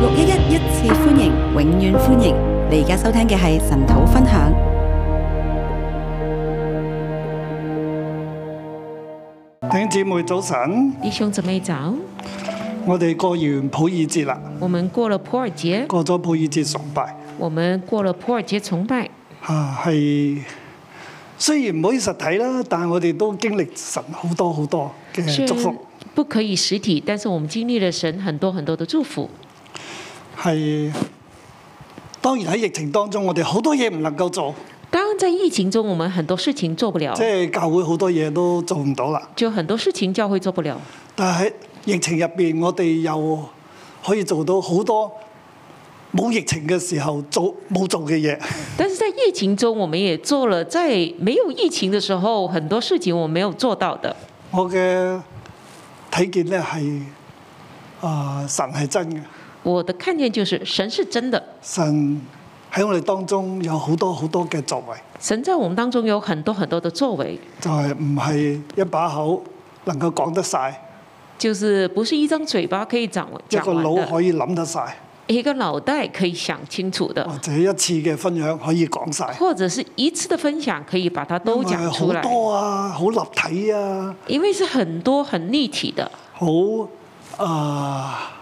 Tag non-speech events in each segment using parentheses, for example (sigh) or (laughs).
六一一一次歡迎，永遠歡迎！你而家收聽嘅係神土分享。弟兄姊妹早晨，弟兄姊妹早。我哋過完普爾節啦。我們過了普爾節，過咗普爾節崇拜。我們過了普爾節崇拜。啊，係雖然唔可以實體啦，但係我哋都經歷神好多好多嘅祝福。不可以實體，但是我們經歷了神很多很多的祝福。係當然喺疫情當中，我哋好多嘢唔能夠做。當然，在疫情中，我們很多事情做不了。即係教會好多嘢都做唔到啦。就很多事情教會做不了。但係疫情入邊，我哋又可以做到好多冇疫情嘅時候做冇做嘅嘢。但是在疫情中，我們也做了在沒有疫情嘅時候很多事情，我們沒有做到的。我嘅體驗呢，係、呃、神係真嘅。我的看見就是神是真的。神喺我哋當中有好多好多嘅作為。神在我們當中有很多很多的作為。就係唔係一把口能夠講得晒，就是不是一張嘴巴可以講講完的。一個腦可以諗得晒，一個腦袋可以想清楚的。這一次嘅分享可以講晒，或者是一次的分享可以把它都講出來。好多啊，好立體啊。因為是很多、啊、很立體的。好啊。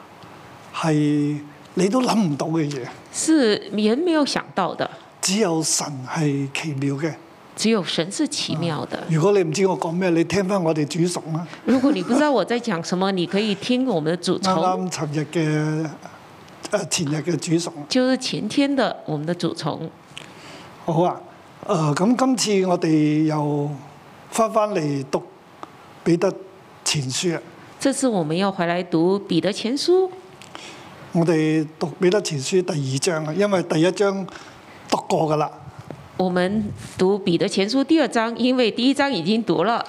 係你都諗唔到嘅嘢，是人沒有想到的。只有神係奇妙嘅，只有神是奇妙的。如果你唔知我講咩，你聽翻我哋主崇啊。如果你不知道我在講什麼，你，你，什麼 (laughs) 你可以聽我們的主崇。啱啱前日嘅啊、呃，前日嘅主崇，就是前天的我們的主崇。好啊，呃，咁今次我哋又翻翻嚟讀彼得前書啊。這次我們要回來讀彼得前書。我哋讀彼得前書第二章啊，因為第一章讀過噶啦。我們讀彼得前書第二章，因為第一章已經讀啦。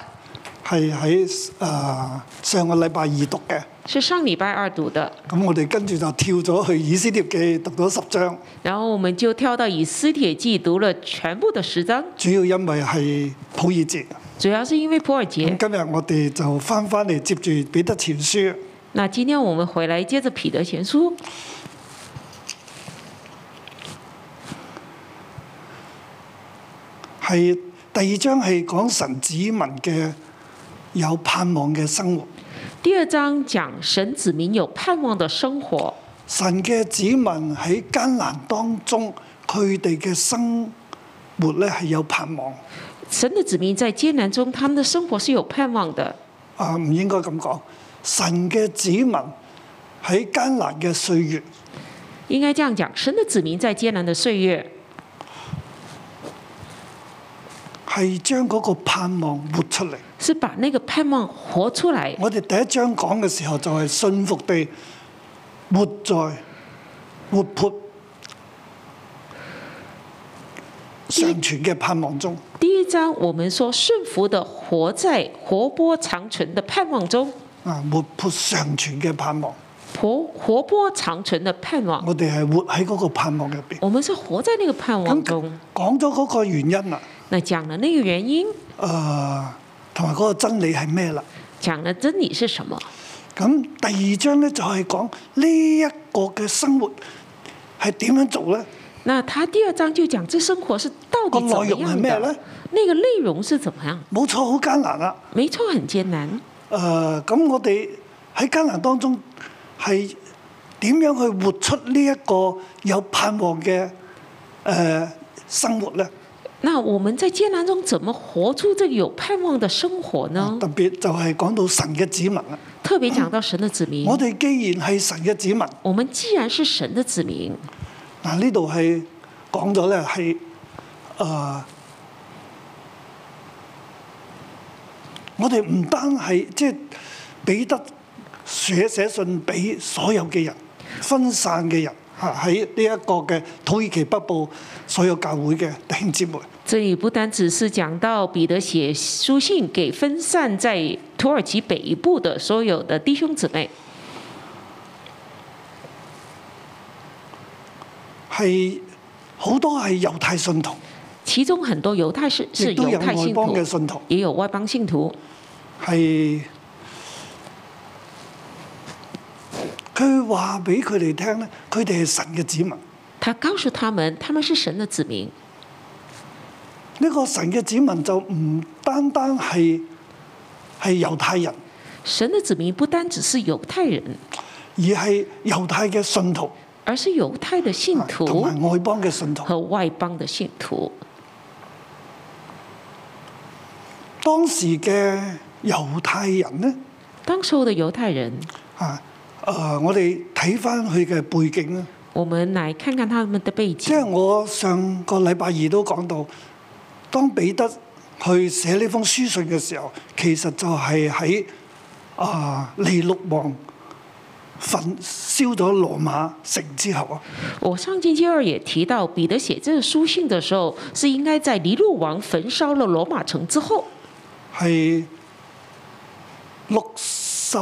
係喺誒上個禮拜二讀嘅。是上禮拜二讀的。咁我哋跟住就跳咗去以斯帖記讀咗十章。然後我們就跳到以斯帖記讀了全部的十章。主要因為係普珥節。主要是因為普珥節。今日我哋就翻翻嚟接住彼得前書。那今天我們回來接着彼得前書，係第二章係講神子民嘅有盼望嘅生活。第二章講神子民有盼望的生活。神嘅子民喺艱難當中，佢哋嘅生活咧，係有盼望。神嘅子民在艱難中，他們嘅生活是有盼望嘅。啊，唔應該咁講。神嘅子民喺艱難嘅歲月，應該這樣講：神嘅子民在艱難嘅歲月，係將嗰個盼望活出嚟。是把那個盼望活出嚟。我哋第一章講嘅時候就係順服地活在活潑長存嘅盼望中。第一，第一章，我們說順服地活在活潑長存的盼望中。啊！活潑常存嘅盼望，活活潑長存嘅盼望。我哋係活喺嗰個盼望入邊。我們是活在呢個盼望中。講咗嗰個原因啦。那講咗呢個原因。誒、呃，同埋嗰個真理係咩啦？講咗真理是什麼？咁第二章咧就係、是、講呢一個嘅生活係點樣做咧？那他第二章就講，即生活是到底怎麼樣咧？那個內容是怎麼樣？冇錯，好艱難啦、啊。沒錯，很艱難。誒咁，我哋喺艱難當中係點樣去活出呢一個有盼望嘅誒生活咧？那我們在艱難中怎麼活出這有盼望嘅生，生活呢？特別就係講到神嘅子民啦。特別講到神嘅子民。嗯嗯、我哋既然係神嘅子民，我們既然是神嘅子民，嗱呢度係講咗咧係誒。我哋唔單係即係彼得寫，寫信俾所有嘅人，分散嘅人，嚇喺呢一個嘅土耳其北部所有教會嘅弟兄姊妹。這裏不單只是講到彼得寫書信給分散在土耳其北部的所有的弟兄姊妹，係好多係猶太信徒。其中很多猶太是是猶太信徒，有外邦信徒，也有外邦信徒。係佢話俾佢哋聽咧，佢哋係神嘅子民。他告訴他們，他們是神的子民。呢、這個神嘅子民就唔單單係係猶太人。神的子民不單只是猶太人，而係猶太嘅信徒，而是猶太的信徒同埋外邦嘅信徒和外邦的信徒。當時嘅猶太人呢？當時候的猶太人啊，誒，我哋睇翻佢嘅背景啦。我們嚟看看，看看他們的背景。即係我上個禮拜二都講到，當彼得去寫呢封書信嘅時候，其實就係喺啊尼祿王焚燒咗羅馬城之後啊。我上星期二也提到，彼得寫這個書信嘅時候，是應該在尼祿王焚燒了羅馬城之後。係六十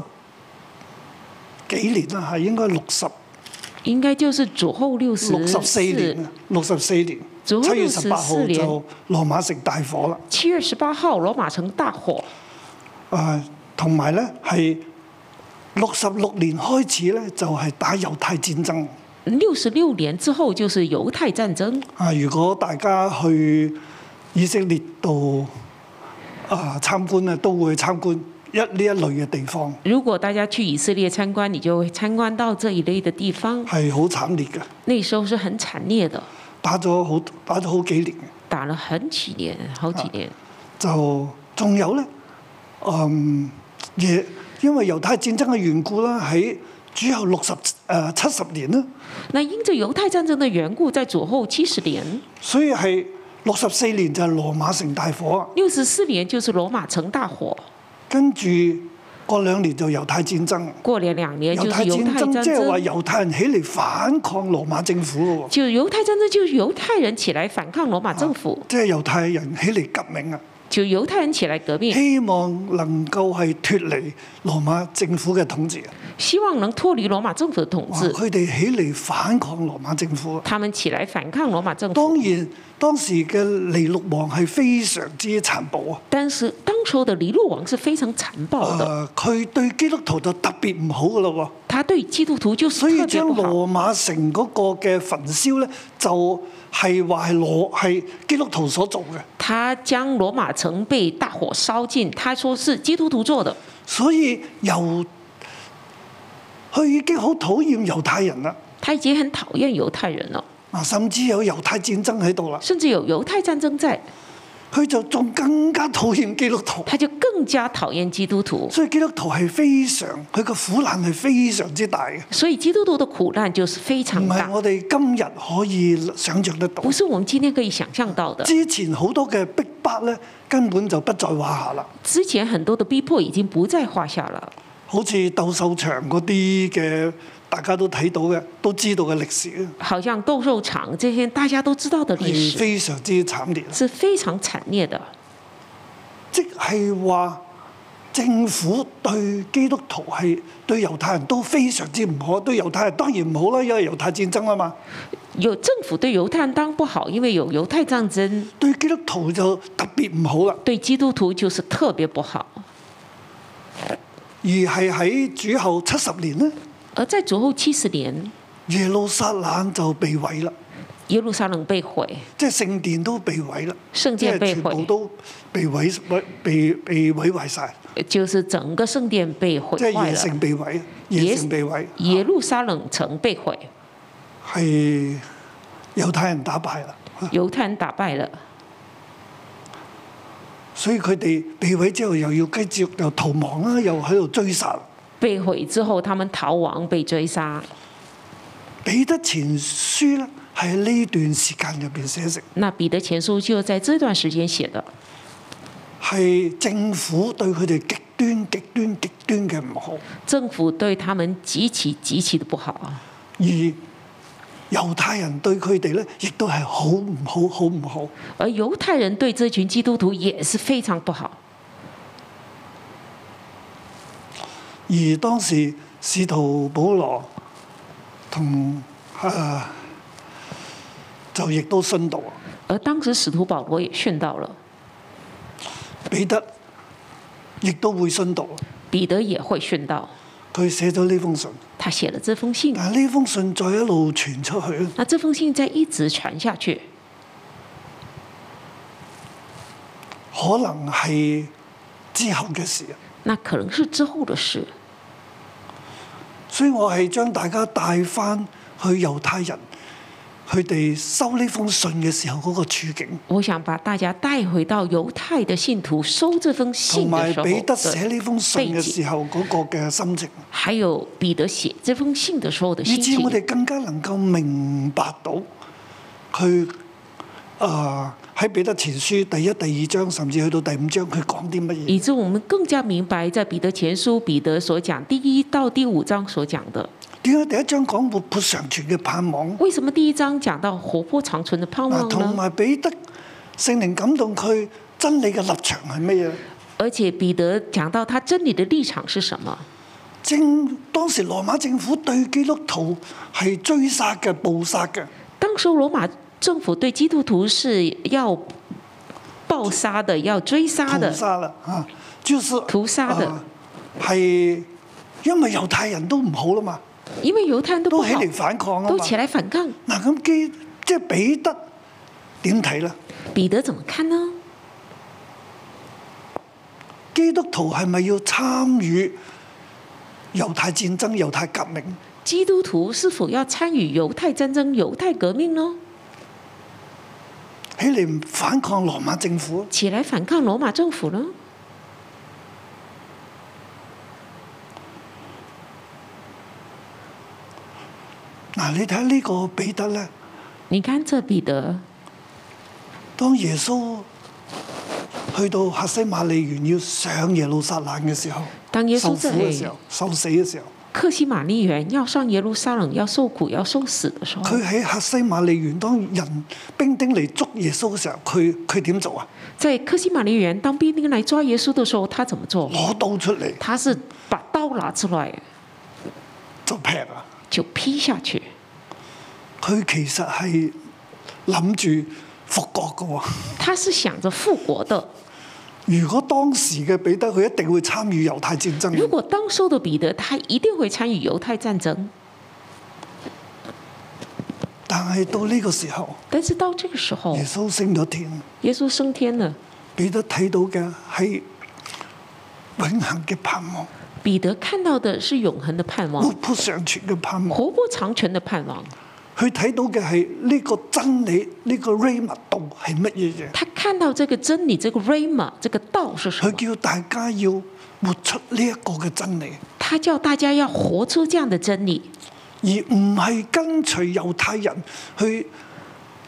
幾年啦，係應該六十，應該就是左後六十，六十四年啊，六十四年，七月十八號就羅馬城大火啦。七月十八號羅馬城大火。啊，同埋咧，係六十六年開始咧，就係、是、打猶太戰爭。六十六年之後就是猶太戰爭。啊，如果大家去以色列度。啊！參觀咧都會參觀一呢一類嘅地方。如果大家去以色列參觀，你就會參觀到這一類嘅地方。係好慘烈嘅。那時候是很慘烈的，打咗好打咗好幾年。打了很幾年，好幾年。啊、就仲有呢，嗯，也因為猶太戰爭嘅緣故啦、呃，喺主後六十誒七十年啦。那因着猶太戰爭嘅緣故，在主後七十年。所以係。六十四年就係羅馬城大火。六十四年就是羅馬城大火。跟住過兩年就猶太戰爭。過年兩年就猶太戰爭。即係話猶太人起嚟反抗羅馬政府喎。就猶太戰爭就是猶太戰爭就是、猶太人起來反抗羅馬政府。即、就、係、是猶、就是、猶太人起嚟、啊就是、革命啊！就猶太人起來革命，希望能夠係脫離羅馬政府嘅統治。希望能脫離羅馬政府嘅統治。佢哋起嚟反抗羅馬政府。他們起來反抗羅馬政府。當然當時嘅尼祿王係非常之殘暴啊！但是當初嘅尼祿王是非常殘暴。誒、呃，佢對基督徒就特別唔好嘅咯喎。他對基督徒就是特別不好。所以將羅馬城嗰個嘅焚燒咧。就係話係羅係基督徒所做嘅。他將羅馬城被大火燒盡，他說是基督徒做的。所以猶，佢已經好討厭猶太人啦。他已經很討厭猶太人了。啊，甚至有猶太戰爭喺度啦。甚至有猶太戰爭在。佢就仲更加討厭基督徒，他就更加討厭基督徒。所以基督徒係非常，佢個苦難係非常之大嘅。所以基督徒嘅苦難就是非常大。唔係我哋今日可以想像得到。不是我們今天可以想象到的。之前好多嘅逼迫咧，根本就不在話下啦。之前很多的逼迫已經不在話下了。好似鬥獸場嗰啲嘅。大家都睇到嘅，都知道嘅歷史，好像鬥獸場這些，大家都知道嘅歷史，非常之慘烈，是非常慘烈的。即係話政府對基督徒係對猶太人都非常之唔好，對猶太人當然唔好啦，因為猶太戰爭啦嘛。有政府對猶太人當然不好，因為有猶太戰爭。對基督徒就特別唔好啦。對基督徒就是特別不好。而係喺主後七十年咧。而在主後七十年，耶路撒冷就被毀啦。耶路撒冷被毀，即係聖殿都被毀啦。聖殿被毀，就是、全部都被毀被被毀壞晒。就是整個聖殿被毀了。即、就、係、是、野城被毀，野城被毀。耶路撒冷城被毀，係、啊、猶太人打敗啦。猶太人打敗啦，所以佢哋被毀之後，又要繼續又逃亡啦，又喺度追殺。被毀之後，他們逃亡，被追殺。彼得前書呢，喺呢段時間入邊寫成。那彼得前書就喺這段時間寫的。係政府對佢哋極端極端極端嘅唔好。政府對他們極其極其的不好啊。而猶太人對佢哋呢，亦都係好唔好，好唔好。而猶太人對這群基督徒也是非常不好。而當時使徒保羅同啊就亦都殉道了。而當時使徒保羅也殉道了。彼得亦都會殉道。彼得也會殉道。佢寫咗呢封信。他寫了這封信。但呢封信再一路傳出去咧。嗱，這封信再一直傳下去，可能係之後嘅事。那可能是之後嘅事。所以我係將大家帶翻去猶太人佢哋收呢封信嘅時候嗰個處境。我想把大家帶回到猶太的信徒收這封信，同埋彼得寫呢封信嘅時候嗰個嘅心情。還有彼得寫這封信的時候的心情。你知我哋更加能夠明白到佢啊。呃喺彼得前書第一、第二章，甚至去到第五章，佢講啲乜嘢？以致我們更加明白，在彼得前書彼得所講第一到第五章所講的。點解第一章講活潑常存嘅盼望？為什麼第一章講到活潑常存嘅盼望同埋彼得聖靈感動佢真理嘅立場係乜嘢？而且彼得講到他真理嘅立場是什麼？正，當時羅馬政府對基督徒係追殺嘅、捕殺嘅。當時羅馬。政府對基督徒是要暴殺的，要追殺的。屠殺啊，就是屠殺的，係、呃、因為猶太人都唔好，都不好都了嘛。因為猶太人都起嚟反抗啊，都起嚟反抗。嗱，咁基即係彼得點睇呢？彼得怎麼看呢？基督徒係咪要參與猶太戰爭、猶太革命？基督徒是否要參與猶太戰爭、猶太革命呢？起嚟反抗羅馬政府，起來反抗羅馬政府咯。嗱，你睇呢個彼得呢？你看這彼得，當耶穌去到客西馬尼園要上耶路撒冷嘅時候，當耶穌出嚟，受死嘅時候。克西瑪利園要上耶路撒冷，要受苦，要受死的時候，佢喺克西瑪利園當人兵丁嚟捉耶穌嘅時候，佢佢點做啊？即係克西瑪利園當兵丁嚟抓耶穌的時候，他怎麼做？攞刀出嚟，他是把刀拿出來就劈啊，就劈下去。佢其實係諗住復國噶，他是想着復國的。 (laughs) 如果當時嘅彼得佢一定會參與猶太戰爭。如果當初的彼得，他一定會參與猶太戰爭。但係到呢個時候，但是到呢個時候，耶穌升咗天。耶穌升天了。彼得睇到嘅係永恒嘅盼望。彼得看到嘅係永恒嘅盼望。活不，不長全嘅盼望。佢睇到嘅係呢個真理，呢個 rama 道係乜嘢嘢？他看到這個真理，這個 rama，這個道是什麼？佢叫大家要活出呢一個嘅真理。他叫大家要活出這樣的真理，而唔係跟隨猶太人去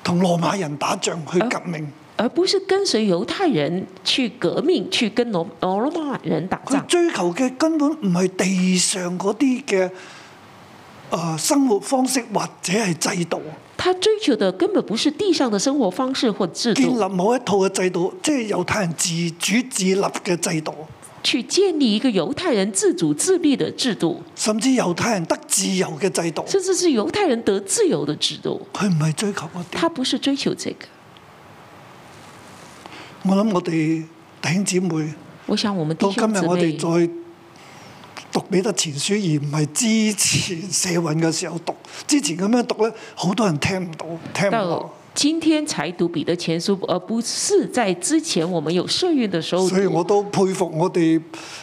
同羅馬人打仗去革命，而不是跟隨猶太人去革命去跟羅羅馬人打仗。追求嘅根本唔係地上嗰啲嘅。誒生活方式或者係制度，他追求的根本不是地上的生活方式或制度。建立某一套嘅制度，即係猶太人自主自立嘅制度，去建立一個猶太人自主自立嘅制度，甚至猶太人得自由嘅制度，甚至是猶太人得自由嘅制度。佢唔係追求嗰啲，他不是追求這個。我諗我哋弟兄姊妹，我想我們今日我哋再。讀彼得前書，而唔係之前社運嘅時候讀。之前咁樣讀咧，好多人聽唔到，聽唔到。到今天才讀彼得前書，而不是在之前我們有社運嘅時候。所以我都佩服我哋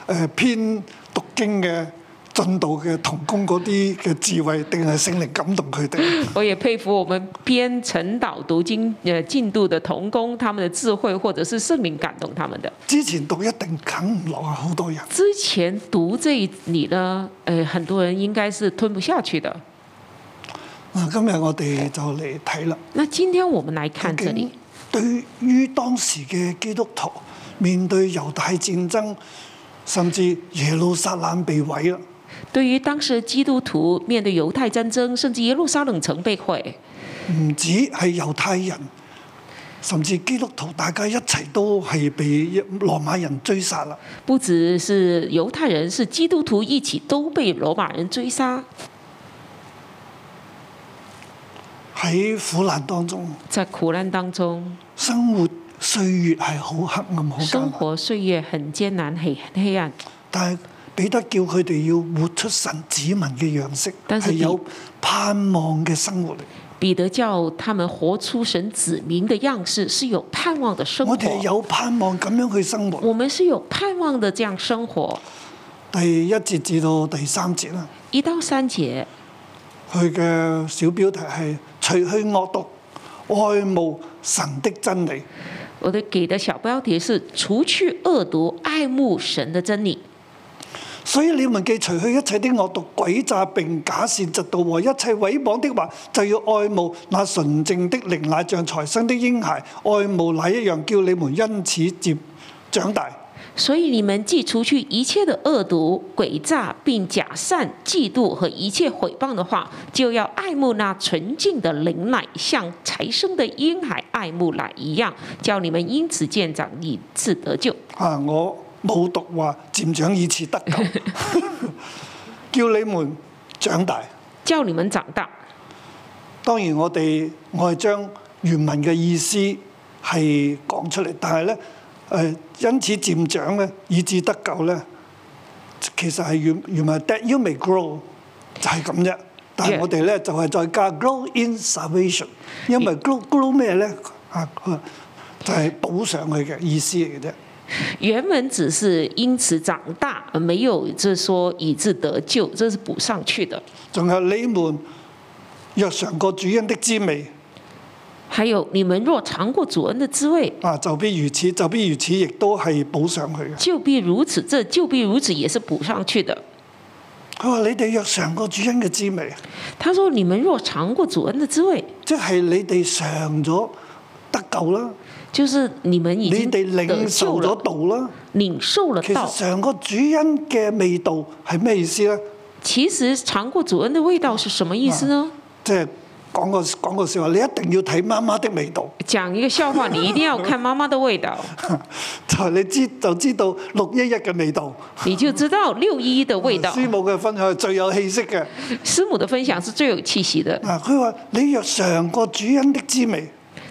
誒編讀經嘅進度嘅同工嗰啲嘅智慧，定係聖靈感動佢哋？我也佩服我們編晨導讀經誒進度的同工，他們嘅智慧，或者是聖靈感動他們的。之前讀一定啃唔落啊，好多人。之前讀這裏呢，誒、呃，很多人應該是吞不下去的。啊，今日我哋就嚟睇啦。那今天我們來看這裏，對於當時嘅基督徒面對猶太戰爭，甚至耶路撒冷被毀啦。對於當時基督徒面對猶太戰爭，甚至耶路撒冷城被毀，唔止係猶太人，甚至基督徒大家一齊都係被羅馬人追殺啦。不只是猶太人，是基督徒一起都被羅馬人追殺。喺苦難當中，在苦難當中，生活歲月係好黑暗，好生活歲月很艱難，黑黑暗。但係。彼得叫佢哋要活出神子民嘅樣式，但係有盼望嘅生活。彼得叫他們活出神子民嘅樣式，是有盼望的生活。我哋有盼望咁樣去生活。我們是有盼望的這樣生活。第一節至到第三節啦，一到三節，佢嘅小標題係除去惡毒，愛慕神的真理。我哋給的小標題是除去惡毒，愛慕神的真理。所以你們既除去一切的惡毒、詭詐並假善、嫉妒和一切毀謗的話，就要愛慕那純淨的靈奶，像才生的嬰孩愛慕奶一樣，叫你們因此漸長大。所以你們既除去一切的惡毒、詭詐並假善、嫉妒和一切毀謗的話，就要愛慕那純淨的靈奶，像才生的嬰孩愛慕奶一樣，叫你們因此漸長，以致得救。啊，我。冇讀話漸長以至得救， (laughs) 叫你們長大。教 (laughs) 你們長大。當然我哋我係將原文嘅意思係講出嚟，但係咧，誒，因此漸長咧，以至得救咧，其實係原原文 That you may grow，就係咁啫。但係我哋咧就係再加 grow in salvation，因為 grow grow 咩咧啊？就係補上去嘅意思嚟嘅啫。原文只是因此長大，而沒有就係、是、說以致得救，這是補上去的。仲有你們若嘗過主恩的滋味，還有你們若嘗過主恩的滋味啊，就必如此，就必如此，亦都係補上去。就必如此，這就必如此，也是補上去的。佢話你哋若嘗過主恩嘅滋味，他說你們若嘗過主恩的滋味，即係你哋嘗咗得救啦。就是你們已經得救了，你們領受咗道啦，領受了道其實嘗個主恩嘅味道係咩意思咧？其實嘗過主恩嘅味道是什麼意思呢？即係講個講個笑話，你一定要睇媽媽的味道。講一個笑話，你一定要看媽媽的味道。就係你知，就知道六一一嘅味道。 (laughs) 你就知道六一一嘅味道。師母嘅分享係最有氣息嘅。師母嘅分享是最有氣息嘅。啊！佢話、啊，你若嘗過主恩的滋味。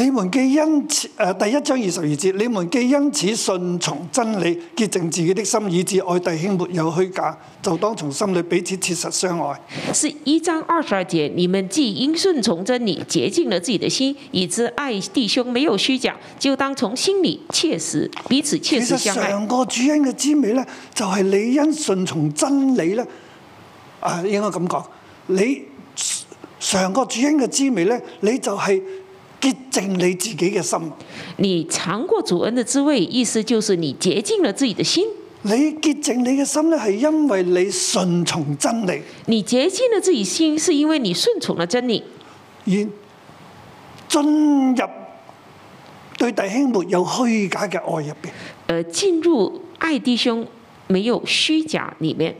你們既因此，誒，第一章二十二節，你們既因此順從真理，潔淨自己的心，以致愛弟兄沒有虛假，就當從心裏彼此切實相愛。是一章二十二節，你們既因順從真理，潔淨了自己的心，以致愛弟兄沒有虛假，就當從心裏切實彼此切實相愛。上個主恩嘅滋味呢，就係、是、你因順從真理呢，啊，應該咁講，你上個主恩嘅滋味呢，你就係、是。潔淨你自己嘅心，你嘗過主恩嘅滋味，意思就是你潔淨了自己的心。你潔淨你嘅心呢，係因為你順從真理。你潔淨了自己心，是因為你順從了真理。而進入對弟兄沒有虛假嘅愛入邊，誒，進入愛弟兄沒有虛假裡面，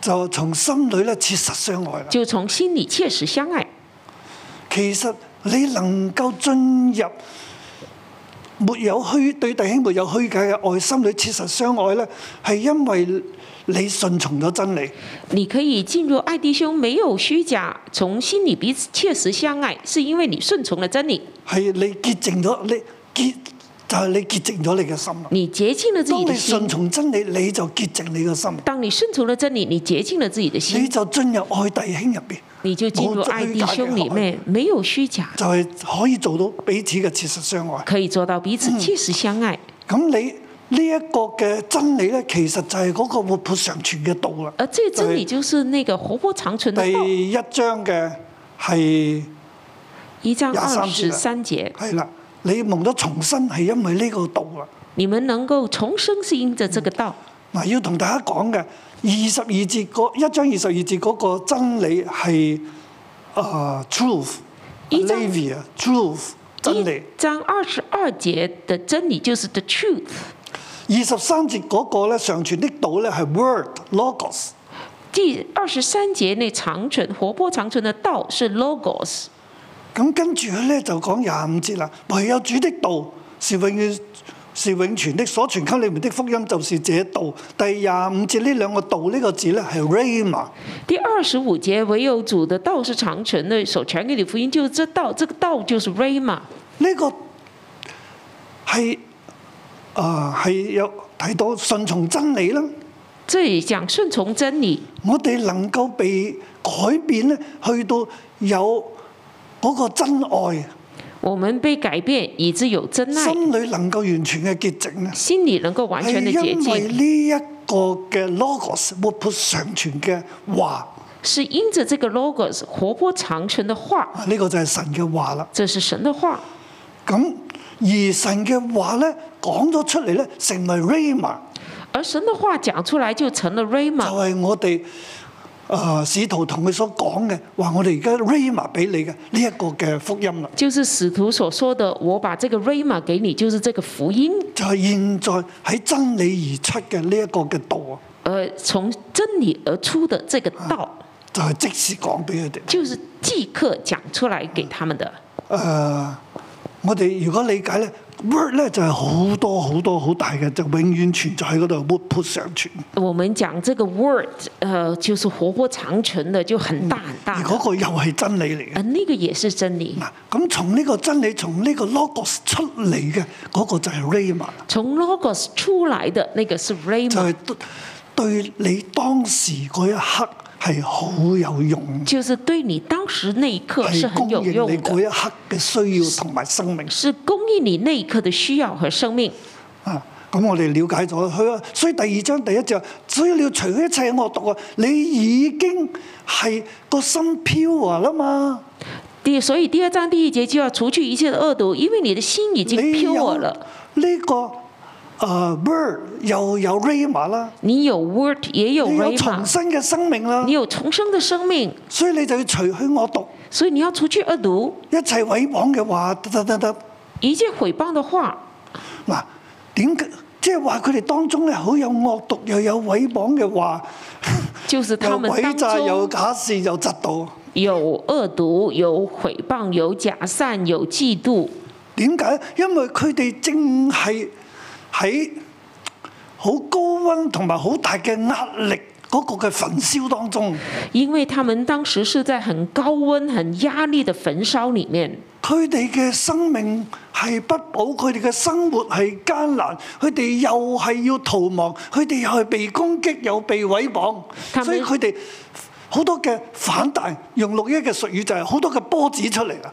就從心裡咧切實相愛。就從心裡切實相愛。其實。你能夠進入沒有虛對弟兄沒有虛假嘅愛心裏，切實相愛呢，係因為你順從咗真理。你可以進入愛弟兄沒有虛假，從心裡彼此切實相愛，係因為你順從了真理。係你潔淨咗，你潔。就係、是、你潔淨咗你嘅心。你潔淨咗自己的心。當你順從真理，你就潔淨你嘅心。當你順從咗真理，你潔淨咗自己嘅心。你就進入愛弟兄入邊。你就進入愛弟兄裡面，沒有虛假。就係、是、可以做到彼此嘅切實相愛。可以做到彼此切實相愛。咁、嗯、你呢一、這個嘅真理咧，其實就係嗰個活潑常存嘅道啦。即這真理就是那個活潑常存的道。就是、第一章嘅係一章二十三節。係啦。你夢到重生係因為呢個道啊！你們能夠重生是因着這個道。嗱、嗯，要同大家講嘅二十二節嗰一章二十二節嗰個真理係啊 truth，alivia truth，一張 Alavia, truth 一張真理。章二十二節嘅真理就是 the truth。二十三節嗰個咧長存的道咧係 word logos。第二十三節那長存、活潑長存的道是 logos。咁跟住佢咧就講廿五節啦。唯有主的道是永遠是永存的，所傳給你們的福音就是這道。第廿五節呢兩個道呢個字咧係 rama。第二十五節唯有主的道是長存的，所傳給你福音就是這道。這個道就是 rama。呢個係啊係有睇到順從真理啦。即係講順從真理。我哋能夠被改變咧，去到有。嗰、那個真愛，我們被改變，以至有真愛。心裏能夠完全嘅潔淨咧，心裡能夠完全的潔淨，係因為呢一個嘅 logos 活潑常存嘅話。是因着這個 logos 活潑常存的話。呢、啊這個就係神嘅話啦。這是神的話。咁而神嘅話咧講咗出嚟咧，成為 rama。而神的話講出來，就成了 rama。就係我哋。誒、呃、使徒同佢所講嘅，話我哋而家 Rayma 俾你嘅呢一個嘅福音啦。就是使徒所說的，我把這個 Rayma 給你，就是這個福音。就係、是、現在喺真理而出嘅呢一個嘅道。誒、呃，從真理而出嘅這個道。啊、就係、是、即時講俾佢哋。就是即刻講出來給他們的。誒、呃，我哋如果理解咧。Word 咧就係好多好多好大嘅，就永遠存在喺嗰度活潑長存。我們講這個 word，呃，就是活潑長存的就很大很大。而嗰個又係真理嚟嘅。啊，那個也是真理。嗱，咁從呢個真理從呢個 Logos 出嚟嘅，嗰、那個就係 Raymon。從 Logos 出嚟的那個是 Raymon。就係、是、對你當時嗰一刻。係好有用，就是對你當時那一刻是很有用的。係供應你嗰一刻嘅需要同埋生命，是供應你那一刻的需要和生命。啊，咁、嗯、我哋了解咗佢，所以第二章第一節，只要你要除去一切惡毒啊！你已經係個心飄啊啦嘛，第所以第二章第二節就要除去一切的惡毒，因為你嘅心已經飄咗啦。呢、這個。啊、uh,！Word 又有 rama 啦，你有 word 也有 rayma, 有重生嘅生命啦，你有重生嘅生命，所以你就要除去惡毒，所以你要除去惡毒，一切毀謗嘅話，得得得得，一切毀謗嘅話，嗱，點解、啊、即係話佢哋當中咧好有惡毒又有毀謗嘅話，有詭詐有假善有，有，有，有，有嫉妒，有惡毒有毀謗有假善有嫉妒，點解？因為佢哋正係。喺好高溫同埋好大嘅壓力嗰個嘅焚燒當中，因為他們當時是在很高溫、很壓力的焚燒裡面，佢哋嘅生命係不保，佢哋嘅生活係艱難，佢哋又係要逃亡，佢哋又係被攻擊，又被毀謗，所以佢哋好多嘅反彈，用六一嘅術語就係好多嘅波子出嚟啦。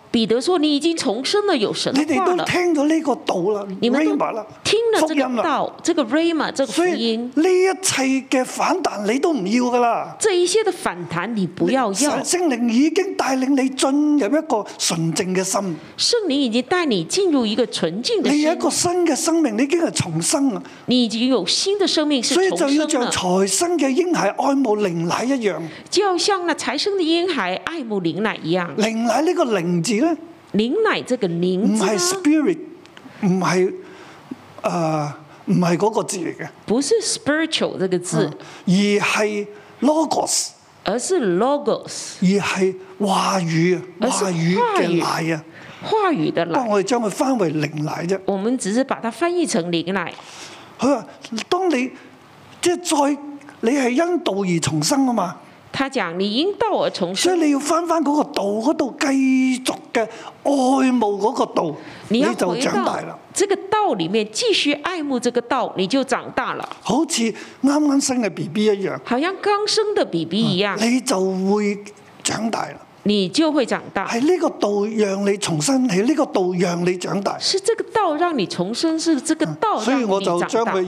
彼得說：你已經重生了，有神的話了。你哋都聽到呢個道啦，你們都聽啦，聽到呢個道，這個 Rama 這個福音。呢一切嘅反彈你都唔要噶啦。這一切的反彈你不要要。神聖靈已經帶領你進入一個純淨嘅心。聖靈已經帶你進入一個純淨嘅心。你有一個新嘅生命，你已經係重生啊！你已經有新嘅生命，是重生啦，所以就要像財生嘅嬰孩愛慕靈奶一樣。就要像那財生嘅嬰孩愛慕靈奶一樣。靈奶呢個靈字。咧靈奶這個靈，啊，唔係 spirit，唔係誒，唔係嗰個字嚟嘅，不是 spiritual 這個字，而係 logos，而係 logos，而係話語，話語嘅奶啊，話語嘅奶，但我哋將佢翻為靈奶啫，我們只是把它翻譯成靈奶。佢話：當你即係再，你係因道而重生啊嘛。他講：你因道而重生，所以你要翻翻嗰個道嗰度，繼續嘅愛慕嗰個道，你就長大了。這個道裏面繼續愛慕這個道，你就長大了。好似啱啱生嘅 B B 一樣，好像剛生的 B B 一樣，嗯，你就會長大了。你就會長大。係呢個道讓你重生，係呢個道讓你長大。是這個道讓你重生，是這個道讓你長大。嗯，所以我就將佢。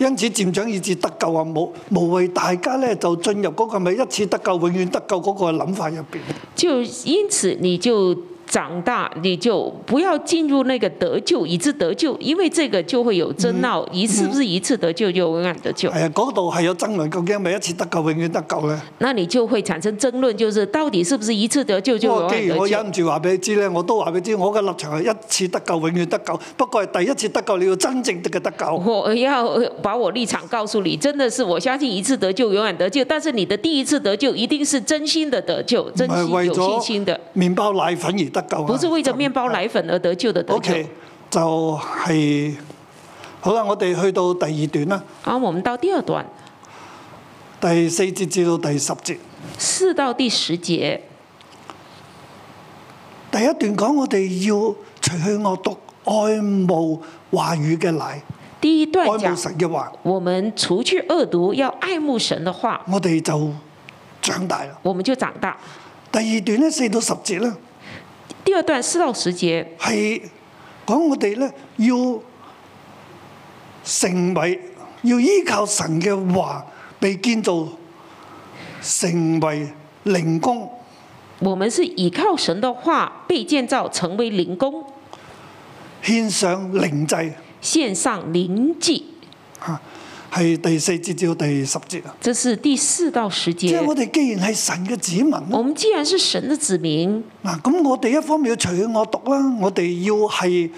因此漸長以致得救啊！冇冇謂大家咧，就進入嗰個咪一次得救、永遠得救嗰個諗法入邊。就因此你就。長大你就不要進入那個得救以致得救，因為這個就會有爭拗。一、嗯、次、嗯、不是一次得救就永遠得救？哎呀嗰度係有爭論，究竟係咪一次得救永遠得救咧？那你就會產生爭論，就是到底是不是一次得救就永遠得救。既然我忍唔住話俾你知咧，我都話俾你知，我嘅立場係一次得救永遠得救。不過係第一次得救你要真正得嘅得救。我要把我立場告訴你，真的是我相信一次得救永遠得救，但是你的第一次得救一定是真心的得救，真心有信心的。麵包奶粉也得不是為着麵包奶粉而得救的，得救。O K，就係好啦，我哋去到第二段啦。啊，我們到第二段，第四節至到第十節。四到第十節，第一段講我哋要除去惡毒、愛慕話語嘅奶。第一段講愛慕神嘅話，我們除去惡毒，要愛慕神的話，我哋就長大啦。我們就長大。第二段呢，四到十節咧。第二段四到十節，係講我哋咧要成為要依靠神嘅話被建造成為靈宮。我們是依靠神嘅話被建造成為靈宮，獻上靈祭，獻上靈祭。係第四節至到第十節啊。這是第四到十節。即係我哋既然係神嘅子民，我們既然是神嘅子民，嗱咁我哋一方面要除去惡毒啦，我哋要係誒、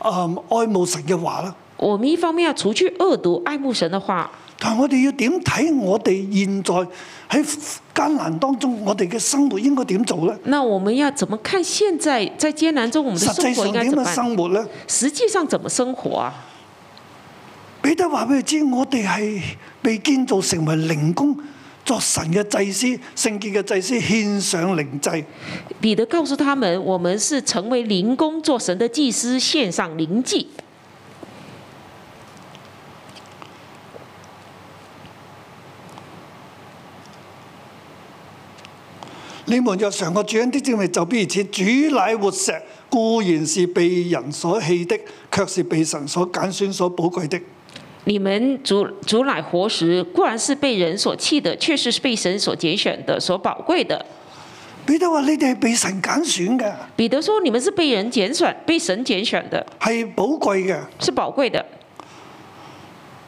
呃、愛慕神嘅話啦。我們一方面要除去惡毒，愛慕神嘅話。但我哋要點睇我哋現在喺艱難當中，我哋嘅生活應該點做咧？那我們要怎麼看現在在艱難中我們的生活應該怎麼怎樣生活咧？實際上怎麼生活啊？彼得話畀佢知，我哋係被建造成為靈工，作神嘅祭司、聖潔嘅祭司，獻上靈祭。彼得告訴他們：，我們是成為靈工，作神嘅祭司，獻上靈祭。你們若常個主恩啲智慧就比如此，主奶活石，固然是被人所棄的，卻是被神所揀選所寶貴的。你們主主乃活石，固然是被人所棄的，確實是被神所揀選的，所寶貴的。彼得話：，你哋係被神揀選嘅。彼得說：，你們是被人揀選，被神揀選的，係寶貴嘅，是寶貴的。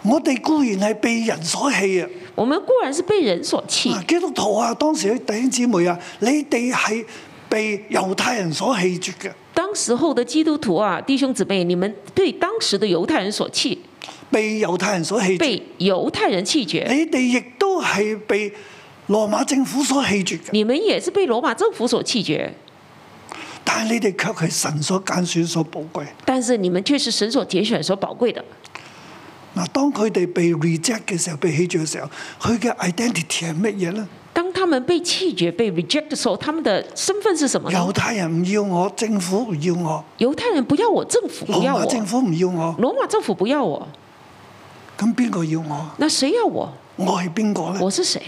我哋固然係被人所棄啊。我們固然是被人所棄的。基督徒啊，當時的弟兄姊妹啊，你哋係被猶太人所棄絕嘅。當時候的基督徒啊，弟兄姊妹，你們被當時的猶太人所棄。被猶太人所棄絕，被猶太人棄絕，你哋亦都係被羅馬政府所棄絕。你們也是被羅馬政府所棄絕，但係你哋卻係神所揀選所寶貴。但是你們卻是神所揀選所寶貴的。嗱，當佢哋被 reject 嘅時候，被棄絕嘅時候，佢嘅 identity 係乜嘢呢？當他們被棄絕、被 reject 嘅時候，他們的身份是什麼？猶太人唔要我，政府唔要我，猶太人不要我，政府不要我，羅馬政府不要我，羅馬政府不要我。咁邊個要我？那誰要我？我係邊個咧？我是誰？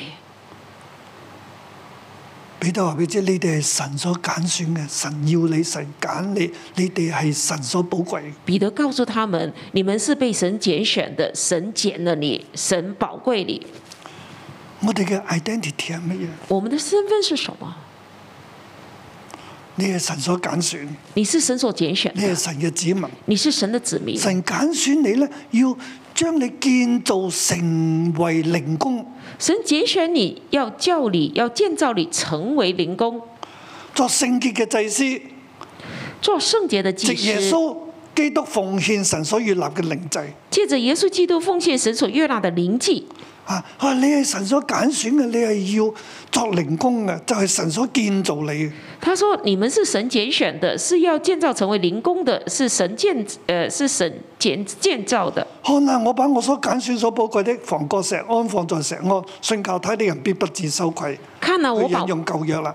彼得話俾你知，你哋係神所揀選嘅，神要你，神揀你，你哋係神所寶貴。彼得告訴他們，你們是被神揀選的，神揀了你，神寶貴你。我哋嘅 identity 係乜嘢？我們的身份是什麼？你係神所揀選。你是神所揀選。你係神嘅子民。你是神的子民。神揀選你咧，要。將你建造成為靈宮，神揀選你要叫你要建造你成為靈宮，作聖潔嘅祭司，做聖潔嘅祭司，藉着耶穌基督奉獻神所悅納嘅靈祭，借着耶穌基督奉獻神所悅納嘅靈祭。啊！你係神所揀選嘅，你係要作靈宮嘅，就係、是、神所建造你。他說：你們是神揀選的，是要建造成為靈宮的，是神建，呃，是神建建造的。看啊！我把我所揀選所寶貴的房角石安放在錫安，信靠他的人必不致羞愧。看啊！我引用舊約啦。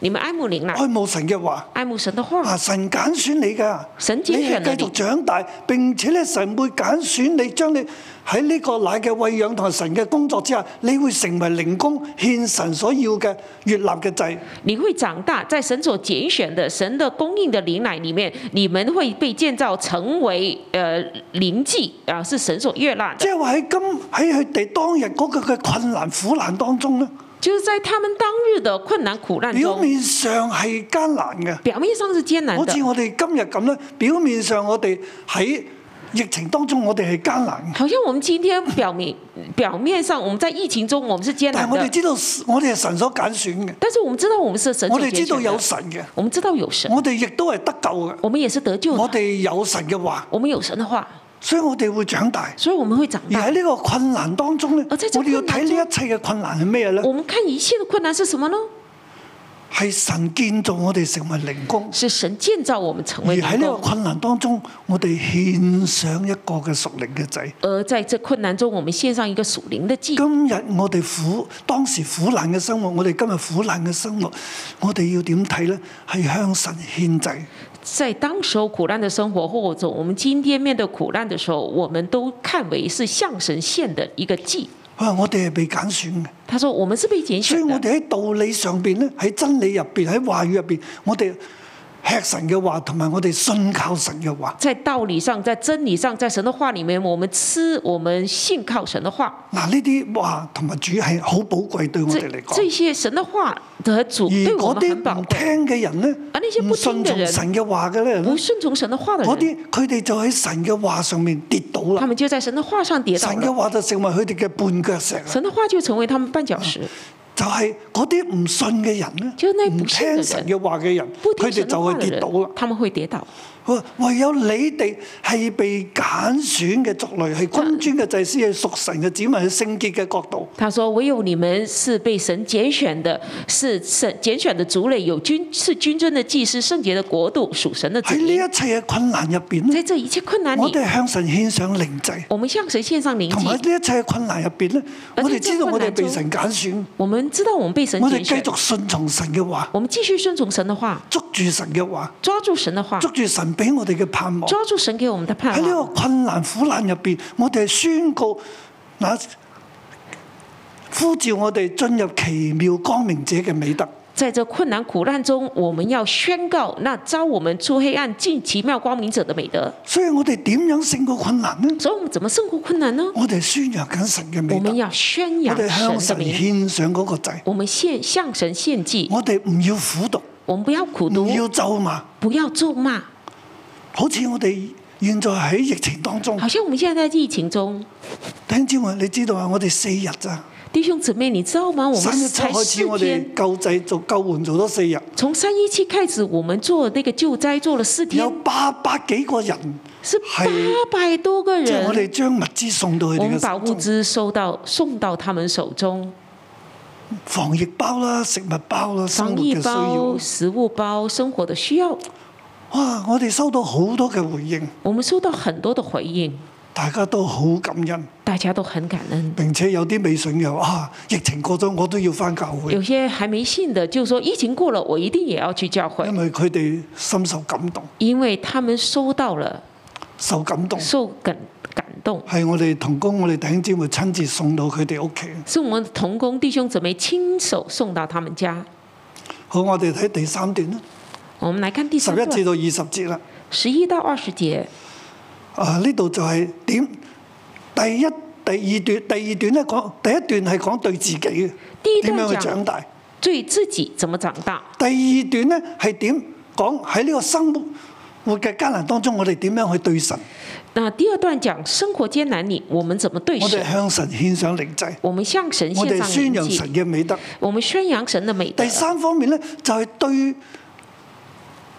你們愛慕靈奶，愛慕神嘅話，愛慕神的話，啊，神揀選你噶，神揀選你，你繼續長大，並且咧，神會揀選你，將你喺呢個奶嘅喂養同神嘅工作之下，你會成為靈工，獻神所要嘅悦納嘅祭。你會長大，在神所揀選的、神的供應嘅靈奶裏面，你們會被建造成為，誒、呃，靈祭啊，是神所悦納。即係話喺今喺佢哋當日嗰個嘅困難苦難當中咧。就是在他們當日的困難苦難，表面上係艱難嘅。表面上是艱難。好似我哋今日咁呢，表面上我哋喺疫情當中，我哋係艱難嘅。好像我們今天表面表面上我我，我們， (laughs) 表面上我們在疫情中，我們是艱難。但我哋知道，我哋係神所揀選嘅。但是我們知道，我們是神。是我哋知道有神嘅，我們知道有神的。我哋亦都係得救嘅。我們也是得救的。我哋有神嘅話，我們有神的話。所以我哋會長大，所以我們會長大。而喺呢個困難當中咧，我哋要睇呢一切嘅困難係咩咧？我們看一切嘅困難是什麼呢？係神建造我哋成為靈工。是神建造我們成為靈工。而喺呢個困難當中，我哋獻上一個嘅屬靈嘅仔。而喺這困難中，我們獻上一個屬靈嘅祭。今日我哋苦，當時苦難嘅生活，我哋今日苦難嘅生活，嗯、我哋要點睇咧？係向神獻祭。在當時苦難的生活後，或者我們今天面對苦難的時候，我們都看為是向神獻的一個祭。啊，我哋係被揀選嘅。他說：我們是被揀選，選，的是是選，選的。所以我哋喺道理上邊咧，喺真理入邊，喺話語入邊，我哋。吃神嘅話，同埋我哋信靠神嘅話。在道理上，在真理上，在神嘅話裏面，我們吃，我們信靠神嘅話。嗱，呢啲話同埋主係好寶貴，對我哋嚟講。這這些神的話和主對，而嗰啲唔聽嘅人咧，唔信從神嘅話嘅咧，唔順從神嘅話嘅嗰啲，佢哋就喺神嘅話上面跌倒啦。他們就在神的話上跌倒。神嘅話就成為佢哋嘅絆腳石。神的話就成為他們絆腳，腳石。啊。就係嗰啲唔信嘅人咧，唔聽神嘅話嘅人，佢哋就會跌倒啦。唯有你哋係被揀選嘅族類，係君尊嘅祭司，係屬神嘅子民，係聖潔嘅角度。他說唯有你們是被神揀選的，是神揀選的族類，有君是君尊的祭司，聖潔的國度，屬神的子民。喺呢一切嘅困難入邊，在這一切困難，我哋向神獻上靈祭。我們向神獻上靈祭。同埋呢一切嘅困難入邊咧，我哋知道我哋被神揀選。我們知道我們被神揀選。我哋繼續順從神嘅話。我們繼續順從神的話，捉住神嘅話，抓住神的話，捉住神的話。俾我哋嘅盼望，抓住神給我們的盼望。喺呢個困難苦難入邊，我哋宣告，那呼召我哋進入奇妙光明者嘅美德。在這困難苦難中，我們要宣告，那召我們出黑暗進奇妙光明者的美德。所以我哋點樣勝過困難呢？所以，我們怎麼勝過困難呢？我哋宣揚緊神嘅美德。我們要宣揚神嘅美德。我哋向神獻上嗰個祭。我們獻向神獻祭。我哋唔要苦毒。我們不要苦毒。不要咒罵。不要咒罵。好似我哋現在喺疫情當中，好像我們現在在疫情中。弟兄姊妹，你知道啊？我哋四日咋？弟兄姊妹，你知道嗎？我們三一七開始，我哋救濟做救援做咗四日。從三一七開始，我們做呢個救災做了四天。有八百幾個人是，是八百多個人。就是、我哋將物資送到去，我哋把物資收到，送到他們手中。防疫包啦，食物包啦，防疫包、食物包、生活的需要。哇，我哋收到好多嘅回應，我們收到很多的回應，大家都好感恩，大家都很感恩，並且有啲未信嘅話，疫情過咗，我都要返教會。有些還沒信的，就是說疫情過了，我一定也要去教會。因為佢哋深受感動，因為他們收到了受感動、受感感動，係我哋同工，我哋弟兄姊妹親自送到佢哋屋企，是我們同工弟兄姊妹親手送到他們家。好，我哋睇第三段啦。我們來看第十十一至到二十節啦，十一到二十節。啊，呢度就係點第一、第二段。第二段咧講，第一段係講對自己嘅點樣去長大，對自己怎麼長大。第二段咧係點講喺呢個生活嘅艱難當中，我哋點樣去對神？嗱第二段講生活艱難裏，我們怎麼對神？我哋向神獻上靈祭。我們向神我哋宣揚神嘅美德。我們宣揚神的美德。第三方面咧就係、是、對。.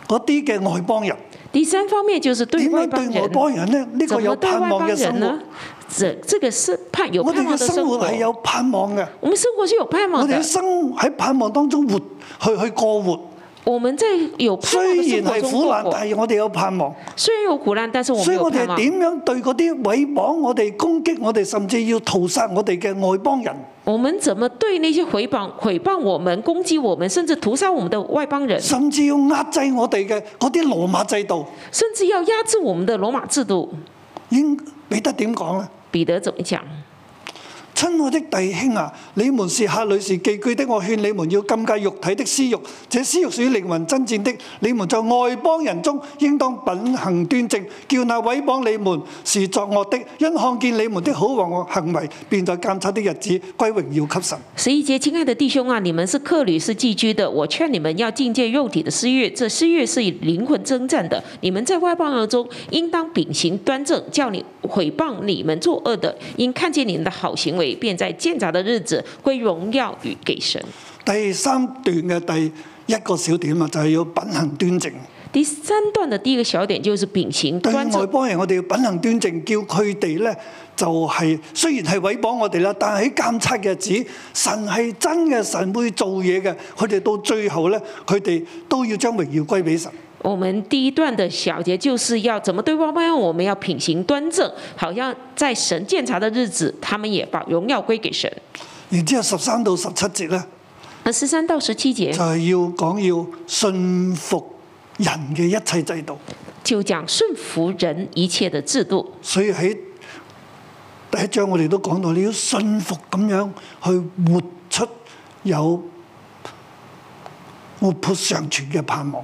嗰啲嘅外邦人，第三方面就是對外邦人。點解對外邦人咧？呢個有盼望嘅生活，怎樣對外邦人呢？這這個是盼有盼望的生活係、這個、有盼望嘅。我們生活是有盼望。我哋喺生喺盼望當中活，去去過活。我們在有盼望的生活中過活。雖然係苦難，但係我哋有盼望。雖然有苦難，但是我哋有盼望。所以我哋係點樣對嗰啲毀謗我哋、攻擊我哋，甚至要屠殺我哋嘅外邦人？我們怎麼對呢啲毀謗、毀謗我們、攻擊我們，甚至屠殺我們嘅外邦人？甚至要壓制我哋嘅嗰啲羅馬制度？甚至要壓制我們嘅羅馬制度？應彼得點講啊？彼得怎麼講？親愛的弟兄啊，你們是客旅是寄居的，我勸你們要禁戒肉體的私欲，這私慾是靈魂爭戰的。你們在外邦人中，應當品行端正，叫那毀謗你們是作惡的，因看見你們的好和行為，便在監察的日子，歸榮耀給神。十一節，親愛的弟兄啊，你們是客旅是寄居的，我勸你們要禁戒肉體的私欲。這私欲是靈魂征戰的。你們在外邦人中，應當秉行端正，叫你誹謗你們作惡的，因看見你們的好行為。便在監察的日子歸榮耀與給神。第三段嘅第一個小點啊，就係要品行端正。第三段嘅第一個小點就是品行端正。對外邦人，我哋要品行端正，叫佢哋咧就係、是、雖然係毀謗我哋啦，但係喺監察日子，神係真嘅，神會做嘢嘅。佢哋到最後咧，佢哋都要將榮耀歸俾神。我們第一段的小節就是要怎麼對萬民？我們要品行端正，好像在神監察的日子，他們也把榮耀歸給神。然之後十三到十七節呢？十三到十七節就係、是、要講要順服人嘅一切制度。就講順服人一切嘅制度。所以喺第一章我哋都講到你要順服咁樣去活出有活潑上傳嘅盼望。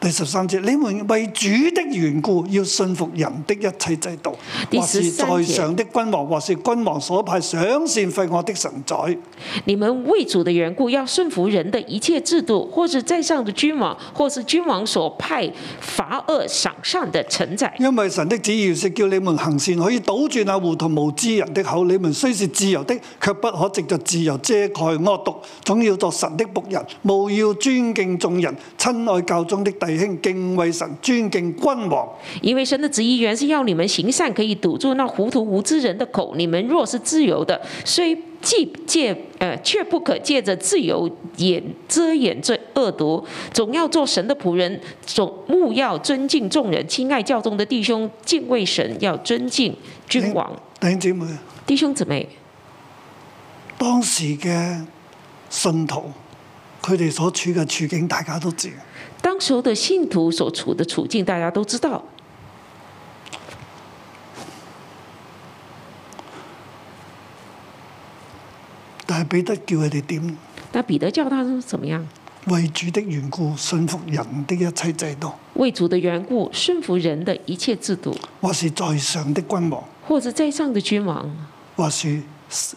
第十三節，你們為主的緣故要信服人的一切制度，或是在上的君王，或是君王所派賞善罰惡的臣宰。你們為主的緣故要信服人的一切制度，或是在上的君王，或是君王所派罰惡賞善的臣宰。因為神的旨意是叫你們行善，可以堵住那糊塗無知人的口。你們雖是自由的，却不可藉着自由遮蓋惡毒，總要做神的僕人，務要尊敬眾人，親愛教中的弟兄。弟兄敬畏神，尊敬君王。因為神的旨意原是要你們行善，可以堵住那糊塗無知人的口。你們若是自由的，雖既借，誒、呃，卻不可借着自由掩遮掩罪惡毒，總要做神的僕人，總務要尊敬眾人。親愛教中的弟兄，敬畏神，要尊敬君王。弟兄姊妹，弟兄姊妹，姊妹當時嘅信徒，佢哋所處嘅處境，大家都知道。當時候的信徒所處的處境，大家都知道。但係彼得叫佢哋點？但彼得叫他怎麼樣？為主的緣故，順服人的一切制度。為主的緣故，順服人的一切制度。或是在上的君王。或是在上的君王。或是賞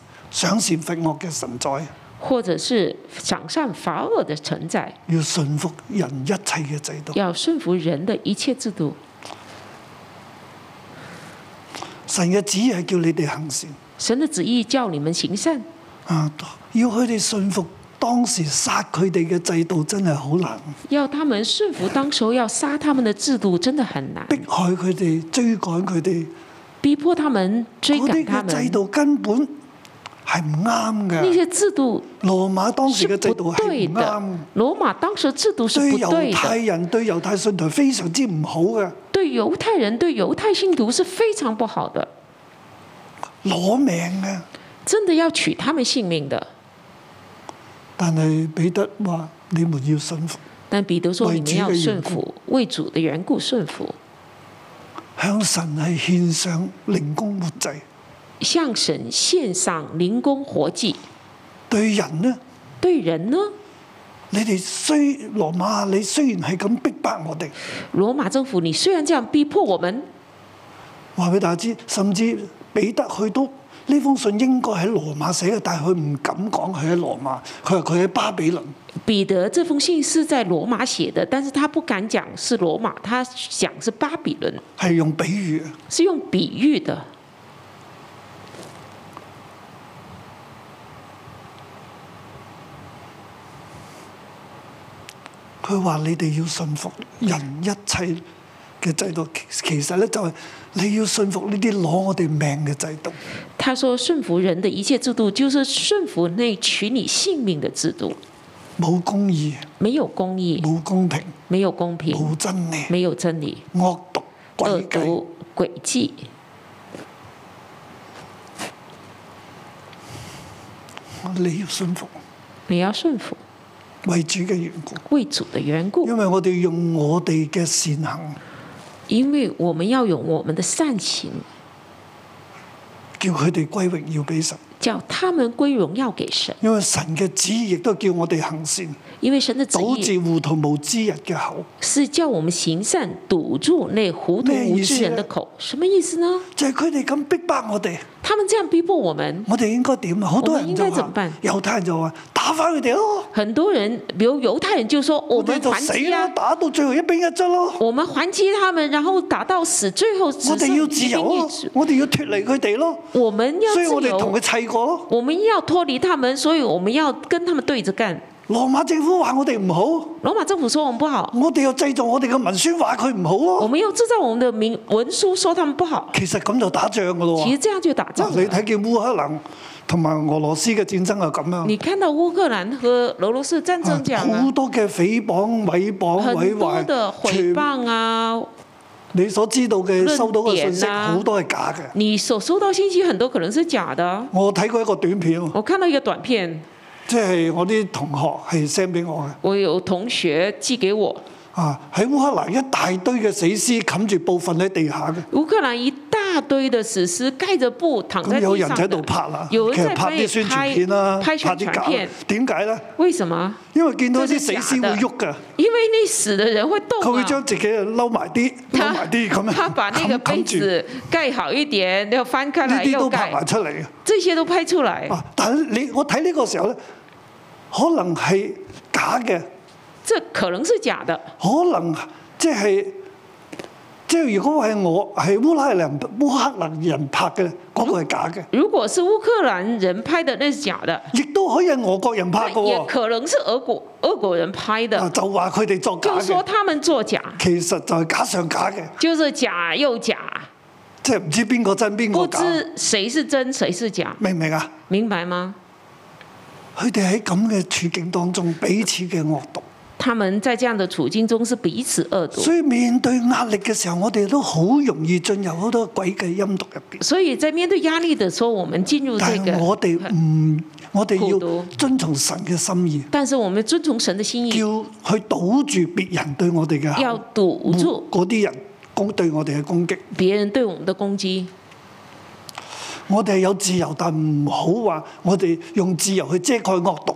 善罰惡嘅神在。或者是賞善罰惡的存在，要順服人一切嘅制度，要順服人的一切制度。神嘅旨意叫你哋行善，神嘅旨意叫你們行善。啊，要佢哋順服當時殺佢哋嘅制度，真係好難。要他們順服當時要殺他們的制度，真的很難。逼害佢哋，追趕佢哋，逼迫他們追趕佢哋。制度根本，係唔啱嘅。呢啲制度，羅馬當時嘅制度係唔啱。羅馬當時制度係不對。對猶太人，對猶太信徒非常之唔好嘅。對猶太人，對猶太信徒是非常不好的，攞命嘅。真的要取他們性命的。但係彼得話：你們要信服。但彼得說：你們要信服，為主嘅緣故信服，向神係獻上靈功活祭。向神獻上靈功活祭，對人呢？對人呢？你哋雖羅馬，你雖然係咁逼迫我哋，羅馬政府，你雖然這樣逼迫我們，話俾大家知，甚至彼得佢都呢封信應該喺羅馬寫嘅，但係佢唔敢講佢喺羅馬，佢話佢喺巴比倫。彼得這封信是在羅馬寫的，但是他不敢講是羅馬，他講是巴比倫。係用比喻，是用比喻的。佢話你哋要順服人一切嘅制度，其實咧就係你要順服呢啲攞我哋命嘅制度。他說：順服人的一切制度，就是順服那取你性命的制度。冇公義，沒有公義；冇公平，沒有公平；冇真理，沒有真理；惡毒、惡毒詭計。你要順服，你要順服。為主嘅緣故，為主的緣故，因為我哋用我哋嘅善行，因為我們要用我們的善行，叫佢哋歸榮耀俾神，叫他們歸榮耀給神，因為神嘅旨意亦都叫我哋行善，因為神的旨意堵住糊塗無知人嘅口，是叫我們行善，堵住那糊塗無知人的口，什麼意思呢？思呢就係佢哋咁逼迫我哋，他們這樣逼迫我們，我哋應該點啊？好多人就話，猶太人就話。打翻佢哋咯！很多人，比如猶太人，就說我們就死啦，啊，打到最後一兵一卒咯。我們還擊他們，然後打到死，最後一邊一邊，我哋要自由啊！我哋要脫離佢哋咯。我們要自由，所以我哋同佢砌過。我們要脫離他們，所以我們要跟他們對着幹。羅馬政府話我哋唔好。羅馬政府說我們不好。我哋要製造我哋嘅文書話佢唔好咯。我們要製造我們的名文，啊、文書說他們不好。其實咁就打仗噶咯。其實這樣就打仗了，啊。你睇見烏克蘭同埋俄羅斯嘅戰爭又咁樣。你看到烏克蘭和俄羅斯戰爭，講好多嘅誹謗、毀謗、毀壞、誹謗啊！你所知道嘅、啊、收到嘅信息好多係假嘅。你所收到信息很多可能是假的。我睇過一個短片。我看到一個短片，即係我啲同學係 send 俾我嘅。我有同學寄給我。啊！喺烏克蘭一大堆嘅死屍冚住布瞓喺地下嘅。烏克蘭一大堆嘅死屍蓋着布躺在地上嘅。有人喺度拍啦，有人在這裡拍啲宣傳片啦、啊，拍啲假。點解咧？為什麼？因為見到啲死屍會喐噶、就是。因為你死嘅人會動、啊。佢會將自己嘅摟埋啲，摟埋啲咁樣。佢把呢個被子蓋，蓋好一點，然後翻開來呢啲都拍埋出嚟嘅。這些都拍出嚟。啊！但係你我睇呢個時候咧，可能係假嘅。這可能是假的，可能即係，即係，即如果係我係烏拉蘭烏克蘭人拍嘅，嗰個係假嘅。如果是烏克蘭人拍嘅，呢是假嘅，亦都可以係俄國人拍嘅。也可能是俄國，俄國人拍嘅，就話佢哋作假的，就話他們作假的。其實就係假上假嘅。就是假又假，即係唔知邊個真邊個假的。不知誰是真，誰是假。明唔明啊？明白嗎？佢哋喺咁嘅處境當中，彼此嘅惡毒。他們在這樣的處境中是彼此惡毒。所以面對壓力嘅時候，我哋都好容易進入好多詭計陰毒入邊。所以在面對壓力的時候，我們進入呢個苦毒。但係我哋唔，我哋要遵從神嘅心意。但是我們遵從神嘅心意。要去堵住別人對我哋嘅，要堵住嗰啲人攻對我哋嘅攻擊。別人對我們的攻擊，我哋有自由，但唔好話我哋用自由去遮蓋惡毒。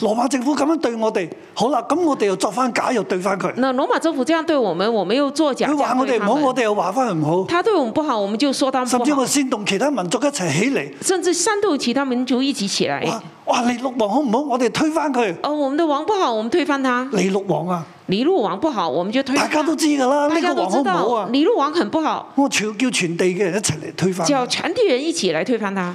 羅馬政府這樣對我哋，好了，咁我哋又作翻假又對翻佢。那羅馬政府這樣對我們，我們又作假對佢。話我哋唔好，我哋又話翻佢唔好。他對我們不好，我們就說他。甚至我煽動其他民族一齊起嚟。甚至煽動其他民族一起起來，起起來哇！尼祿王好唔好？我哋推翻佢。哦，我們的王不好，我們推翻他。尼祿王啊，尼祿王不好，我們就推翻他。大家都知道啦，大家都知好唔好啊？尼祿王很不好。我全叫全地嘅人一齊嚟推翻。叫全地人一起嚟推翻他。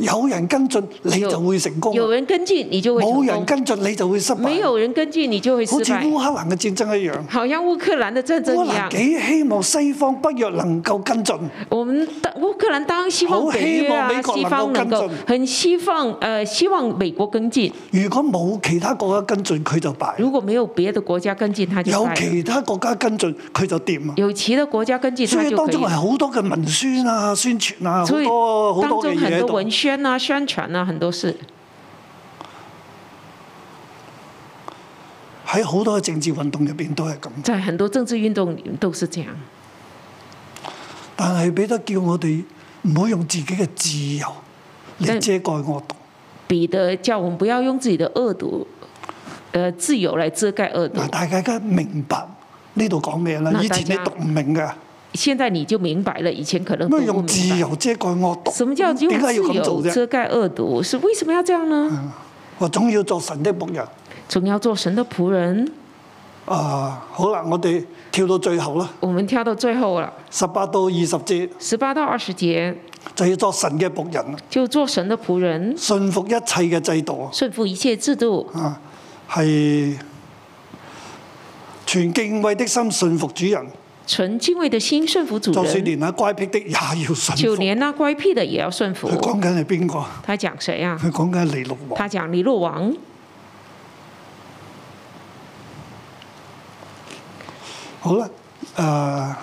有人，有人跟進，你就會成功。有人跟進，你就會冇人，跟進，你就會失敗。冇有人跟進，你就會失敗。好似烏克蘭嘅戰爭一樣。好像烏克蘭嘅戰爭一樣。幾希望西方北約能夠跟進。我們烏克蘭當然希望。好希望美國能夠跟進。很希望，誒、呃，希望美國跟進。如果冇其他國家跟進，佢就敗。如果沒有別的國家跟進，他就敗。有其他國家跟進，佢就掂。有其他國家跟進，就以所以當中係好多嘅文宣啊、宣傳啊，好多好多嘅所以當中很多文宣、啊。宣宣啊宣傳啊，很多事喺好多政治運動入邊都係咁。在很多政治運動入面都是這樣。但係彼得叫我哋唔好用自己嘅自由嚟遮蓋惡毒。彼得叫我們不要用自己的惡毒，自由來遮蓋惡毒。嗱，大家而家明白呢度講咩啦？以前你讀唔明噶。現在你就明白了，以前可能唔明白。用自由遮蓋惡毒？什麼叫用自由遮蓋惡毒？是為什麼要這樣呢？我總要做神的僕人。總要做神的僕人。啊，好啦，我哋跳到最後啦。我們跳到最後啦。十八到二十節。十八到二十節。就要做神嘅僕人。就做神嘅僕人。順服一切嘅制度。順服一切制度。啊，係全敬畏的心順服主人。存敬畏的心，順服主人。就是連啊乖僻的也要順服。就連那乖僻的也要順服。佢講緊係邊個？佢講誰啊？佢講緊尼羅王。他講尼羅王。好啦，誒、呃，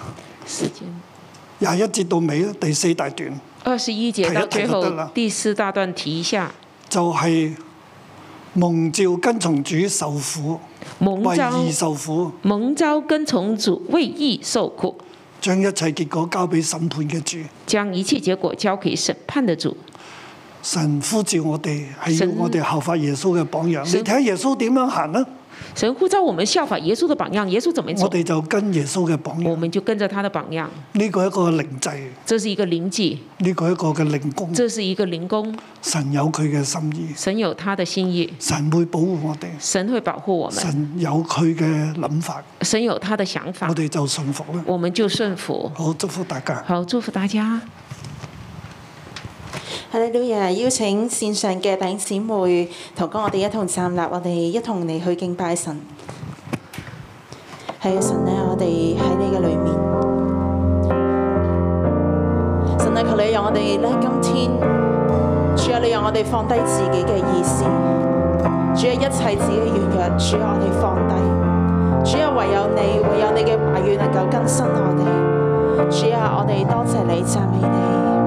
廿一節到尾，第四大段。提提二十一節到最後，就是，第四大段提一下。就係、是、蒙召跟從主受苦。為義蒙召，跟從主為義受苦，將一切結果交俾審判嘅主，將一切結果交俾審判嘅主。神呼召我哋係要我哋效法耶穌嘅榜樣。你睇下耶穌點樣行啊？神呼召我們效法耶穌的榜樣，耶穌怎麼做？我哋就跟耶穌嘅榜樣。我們就跟着他的榜樣。呢、這個一個靈祭。這是一個靈祭。呢、這個一個嘅靈功。這是一個靈功。神有佢嘅心意。神有他的心意。神會保護我哋。神會保護我們。神有佢嘅諗法、嗯。神有他的想法。我哋就信服啦。我們就信服。好，祝福大家。好，祝福大家。係，呢度亦係邀請線上嘅弟兄姊妹同哥，我哋一同站立，我哋一同嚟去敬拜神。係、hey, 神咧，我哋喺你嘅裏面。神啊，求你讓我哋咧，今天主啊，你讓我哋放低自己嘅意思。主啊，一切自己軟弱，主啊，我哋放低。主啊，唯有你，唯有你嘅話語能夠更新我哋。主啊，我哋多謝你，讚美你。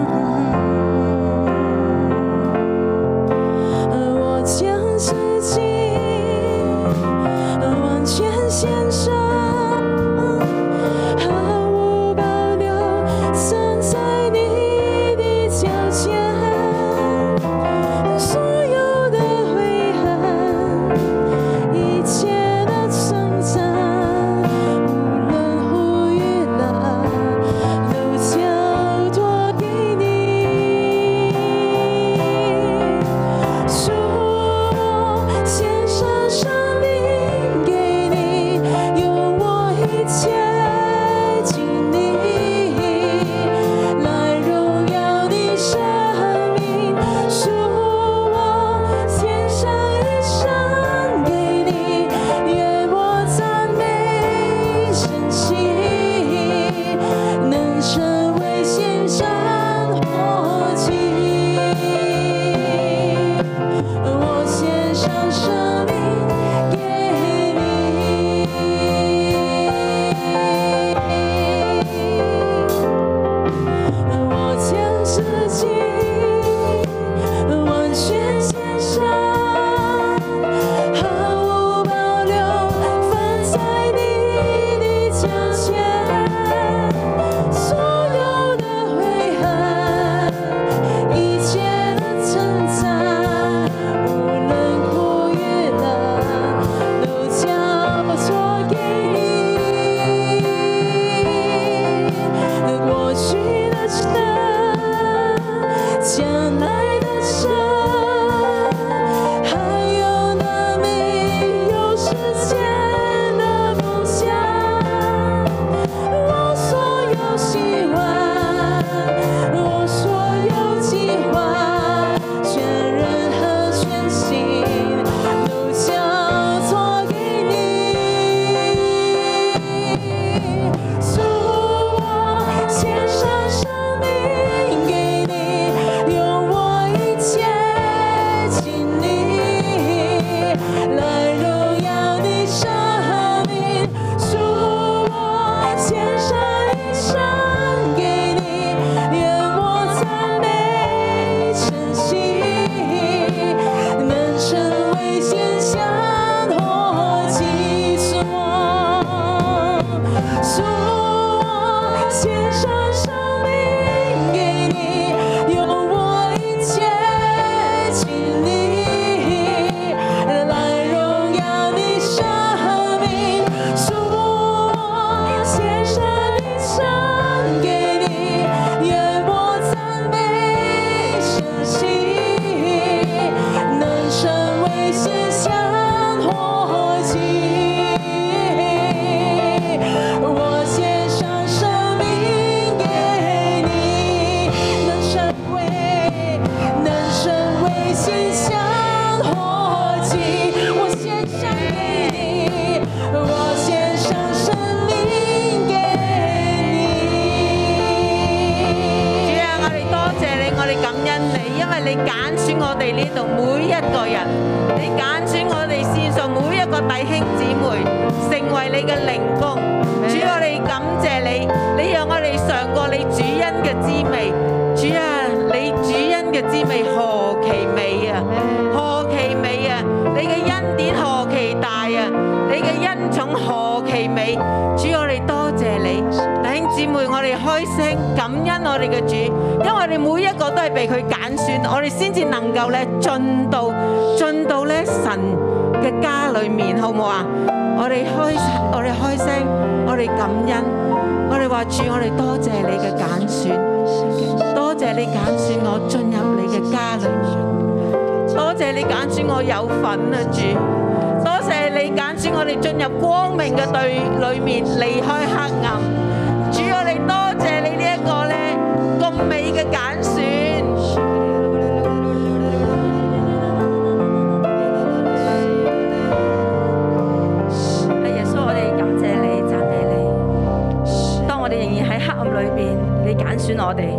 裏邊你揀選我哋，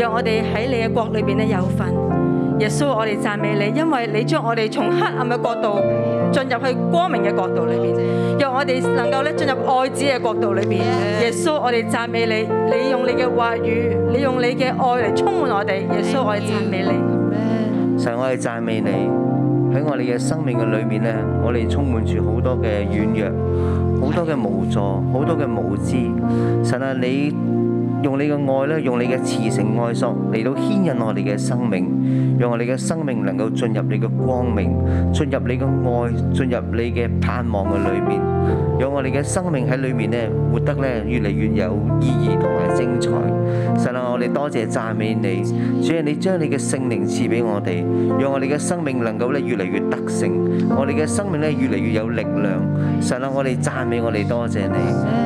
讓我哋喺你嘅國裏邊咧有份。耶穌，我哋讚美你，因為你將我哋從黑暗嘅國度進入去光明嘅國度裏邊，讓我哋能夠咧進入愛子嘅國度裏邊。Yeah. 耶穌，我哋讚美你，你用你嘅話語，你用你嘅愛嚟充滿我哋。Yeah. 耶穌，我哋讚美你。神，我哋讚美你。喺我哋嘅生命嘅裏面呢，我哋充滿住好多嘅軟弱，好多嘅無助，yeah. 好多嘅無知。神啊，你。用你嘅愛咧，用你嘅慈繩愛索嚟到牽引我哋嘅生命，讓我哋嘅生命能夠進入你嘅光明，進入你嘅愛，進入你嘅盼望嘅裏面，讓我哋嘅生命喺裏面咧活得咧越嚟越有意義同埋精彩。神啊，我哋多謝讚美你，主啊，你將你嘅聖靈賜俾我哋，讓我哋嘅生命能夠咧越嚟越得勝，我哋嘅生命咧越嚟越有力量。神啊，我哋讚美我哋多謝你。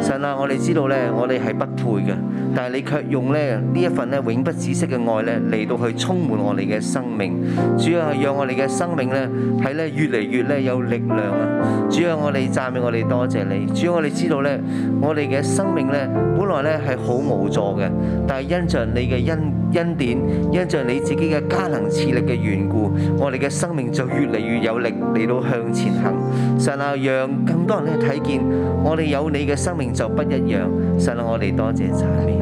神啊，我哋知道咧，我哋係不配嘅。但係你卻用咧呢一份咧永不止息嘅愛咧嚟到去充滿我哋嘅生命，主要係讓我哋嘅生命咧係咧越嚟越咧有力量啊！主要我哋讚美，我哋多謝你。主要我哋知道呢，我哋嘅生命呢，本來呢係好無助嘅，但係因着你嘅恩恩典，因着你自己嘅加能賜力嘅緣故，我哋嘅生命就越嚟越有力嚟到向前行。神啊，讓更多人咧睇見我哋有你嘅生命就不一樣。神啊，我哋多謝讚美。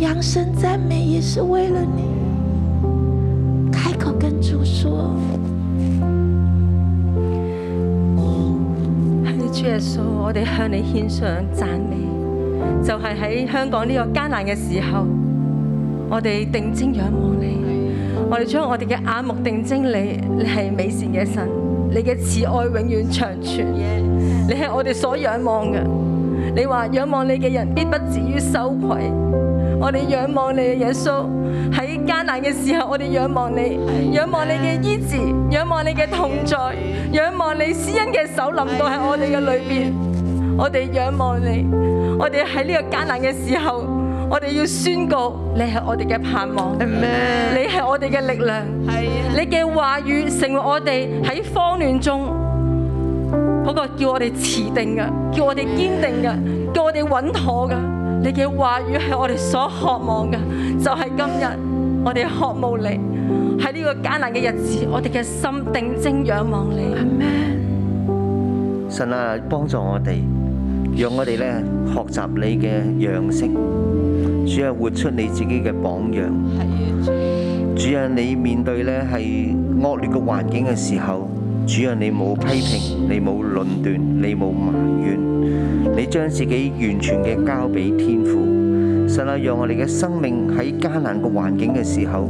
揚聲讚美也是為了你。開口跟主說：“阿利主耶穌，我哋向你獻上讚美。就係喺香港呢個艱難嘅時候，我哋定睛仰望你。我哋將我哋嘅眼目定睛你，你係美善嘅神，你嘅慈愛永遠長存。你係我哋所仰望嘅。你話仰望你嘅人必不至於羞愧。”我哋仰望你耶，耶穌喺艱難嘅時候，我哋仰望你，仰望你嘅醫治，仰望你嘅同在，仰望你慈恩嘅手臨到喺我哋嘅裏面。我哋仰望你，我哋喺呢個艱難嘅時候，我哋要宣告，你係我哋嘅盼望。Amen. 你係我哋嘅力量。Yes. 你嘅話語成為我哋喺慌亂中嗰個叫我哋持定嘅，叫我哋堅定嘅，叫我哋穩妥嘅。你嘅話語係我哋所渴望嘅，就係今日我哋渴慕你，喺呢個艱難嘅日子，我哋嘅心定睛仰望你。阿門。神啊，幫助我哋，讓我哋咧學習你嘅樣式。主啊，活出你自己嘅榜樣。係啊，主。主啊，你面對咧係惡劣嘅環境嘅時候，主啊，你冇批評，你冇論斷，你冇埋怨。你將自己完全嘅交俾天父，實啊，讓我哋嘅生命喺艱難嘅環境嘅時候，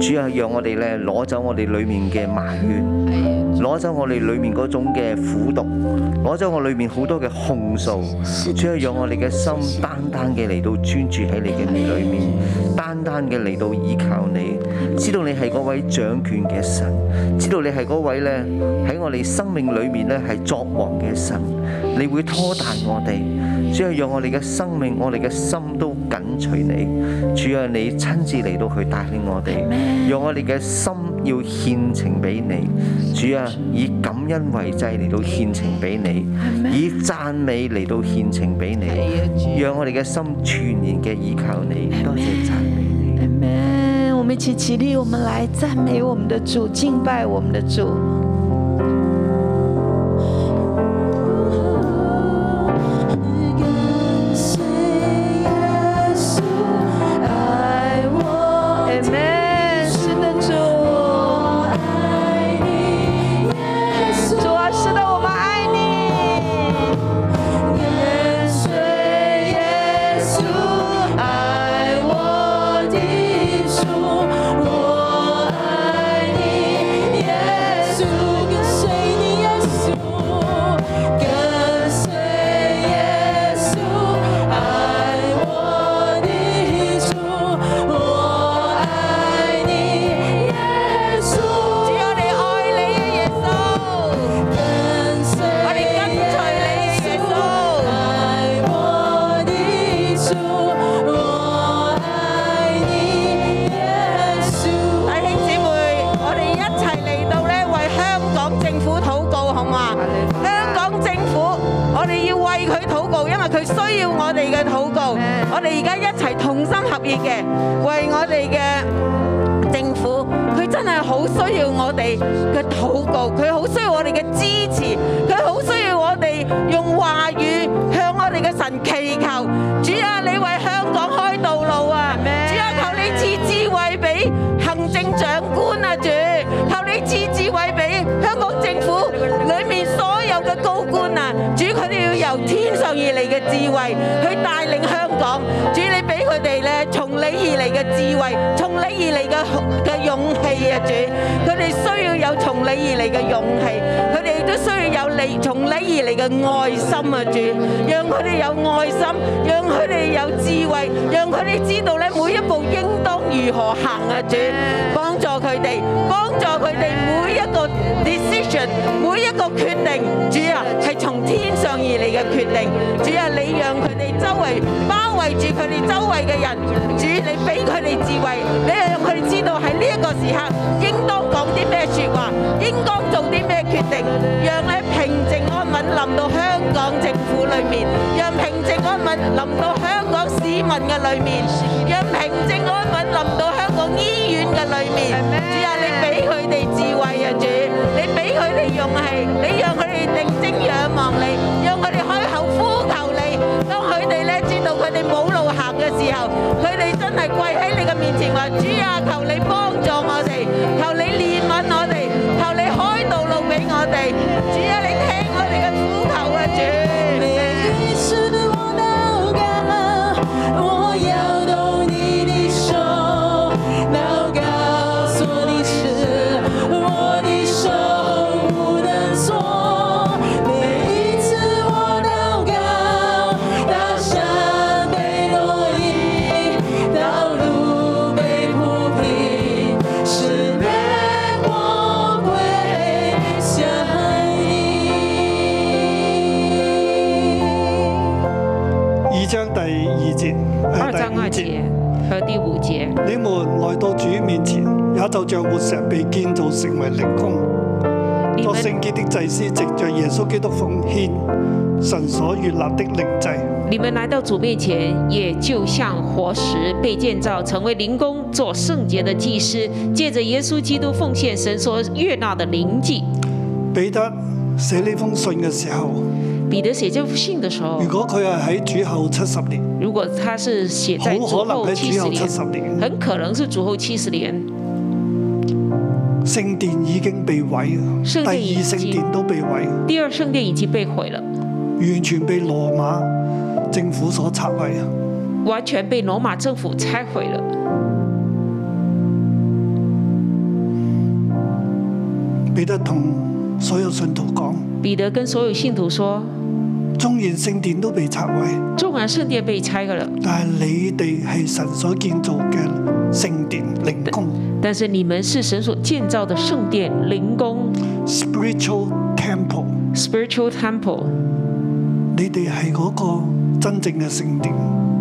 主要係讓我哋咧攞走我哋裏面嘅埋怨。攞走我哋裏面嗰種嘅苦毒，攞走我裏面好多嘅控訴，只係讓我哋嘅心單單嘅嚟到專注喺你嘅裏面，單單嘅嚟到依靠你，知道你係嗰位掌權嘅神，知道你係嗰位咧喺我哋生命裏面咧係作王嘅神，你會拖大我哋，只係讓我哋嘅生命，我哋嘅心都緊。除你，主啊，你親自嚟到去帶領我哋，用我哋嘅心要獻情俾你，主啊，以感恩為祭嚟到獻情俾你，以讚美嚟到獻情俾你，讓我哋嘅心全然嘅依靠你，多謝讚美你。阿門！我們一起起立，我們來讚美我們的主，敬拜我們的主。嘅禱告，佢好需要我哋嘅支持，佢好需要我哋用話語向我哋嘅神祈求。主啊，你為香港開道路啊！主啊，求你賜智慧俾行政長官啊！主，求你賜智慧俾香港政府裏面所有嘅高官啊！主，佢哋要由天上而嚟嘅智慧去帶領香港。主你佢哋咧，從你而嚟嘅智慧，從你而嚟嘅嘅勇氣啊，主！佢哋需要有從你而嚟嘅勇氣，佢哋都需要有嚟從你而嚟嘅愛心啊，主！讓佢哋有愛心，讓佢哋有智慧，讓佢哋知道咧每一步應當如何行啊，主！佢哋幫助佢哋每一個 decision，每一個決定，主啊係從天上而嚟嘅決定，主啊，你讓佢哋周圍包圍住佢哋周圍嘅人，主，要你俾佢哋智慧，你讓佢哋知道喺呢一個時刻應當講啲咩說話，應該做啲咩決定，讓你平靜安穩臨到香港政府裏面，讓平靜安穩臨到香港市民嘅裏面，讓平靜安穩臨到。醫院嘅裏面，主啊，你俾佢哋智慧啊，主，你俾佢哋勇氣，你讓佢哋定睛仰望你，讓佢哋開口呼求你。當佢哋咧知道佢哋冇路行嘅時候，佢哋真係跪喺你嘅面前話：主啊，求你幫助我哋，求你憐憫我哋，求你開道路俾我哋。主啊，你聽。你們來到主面前，也就像活石被建造成為靈宮，作聖潔的祭司，藉着耶穌基督奉獻神所悅納的靈祭。你們來到主面前，也就像活石被建造成為靈宮，作聖潔的祭司，藉着耶穌基督奉獻神所悅納的靈祭。彼得寫呢封信嘅時候，彼得寫這封信嘅時候，如果佢係喺主後七十年，如果他是寫在主後七十年，很可能喺主後七十年，很可能是主後七十年。聖殿已經被毀，第二聖殿都被毀，第二聖殿已經被毀了，完全被羅馬政府所拆毀，完全被羅馬政府拆毀了。彼得同所有信徒講，彼得跟所有信徒說，中原聖殿都被拆毀，中原聖殿被拆毀了，但係你哋係神所建造嘅聖殿靈宮。但是你們是神所建造的聖殿靈宮，spiritual temple，spiritual temple，你哋係嗰個真正的聖殿。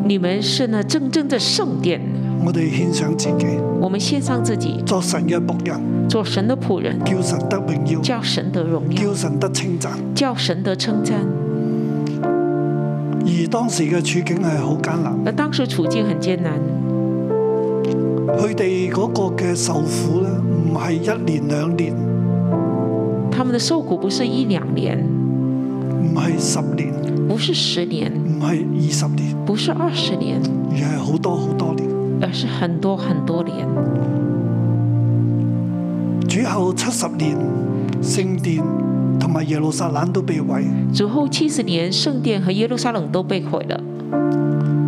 你們是那真正的聖殿。我哋獻上自己，我們獻上自己，做神嘅僕人，做神嘅僕人，叫神得榮耀，叫神得榮耀，叫神得稱讚，叫神得稱讚。而當時嘅處境係好艱難，而當時處境很艱難。佢哋嗰個嘅受苦咧，唔係一年兩年。他們的受苦不是一兩年，唔係十年，不是十年，唔係二十年，不是二十年，而係好多好多年。而是很多很多年。主後七十年，聖殿同埋耶路撒冷都被毀。主後七十年，聖殿和耶路撒冷都被毀了。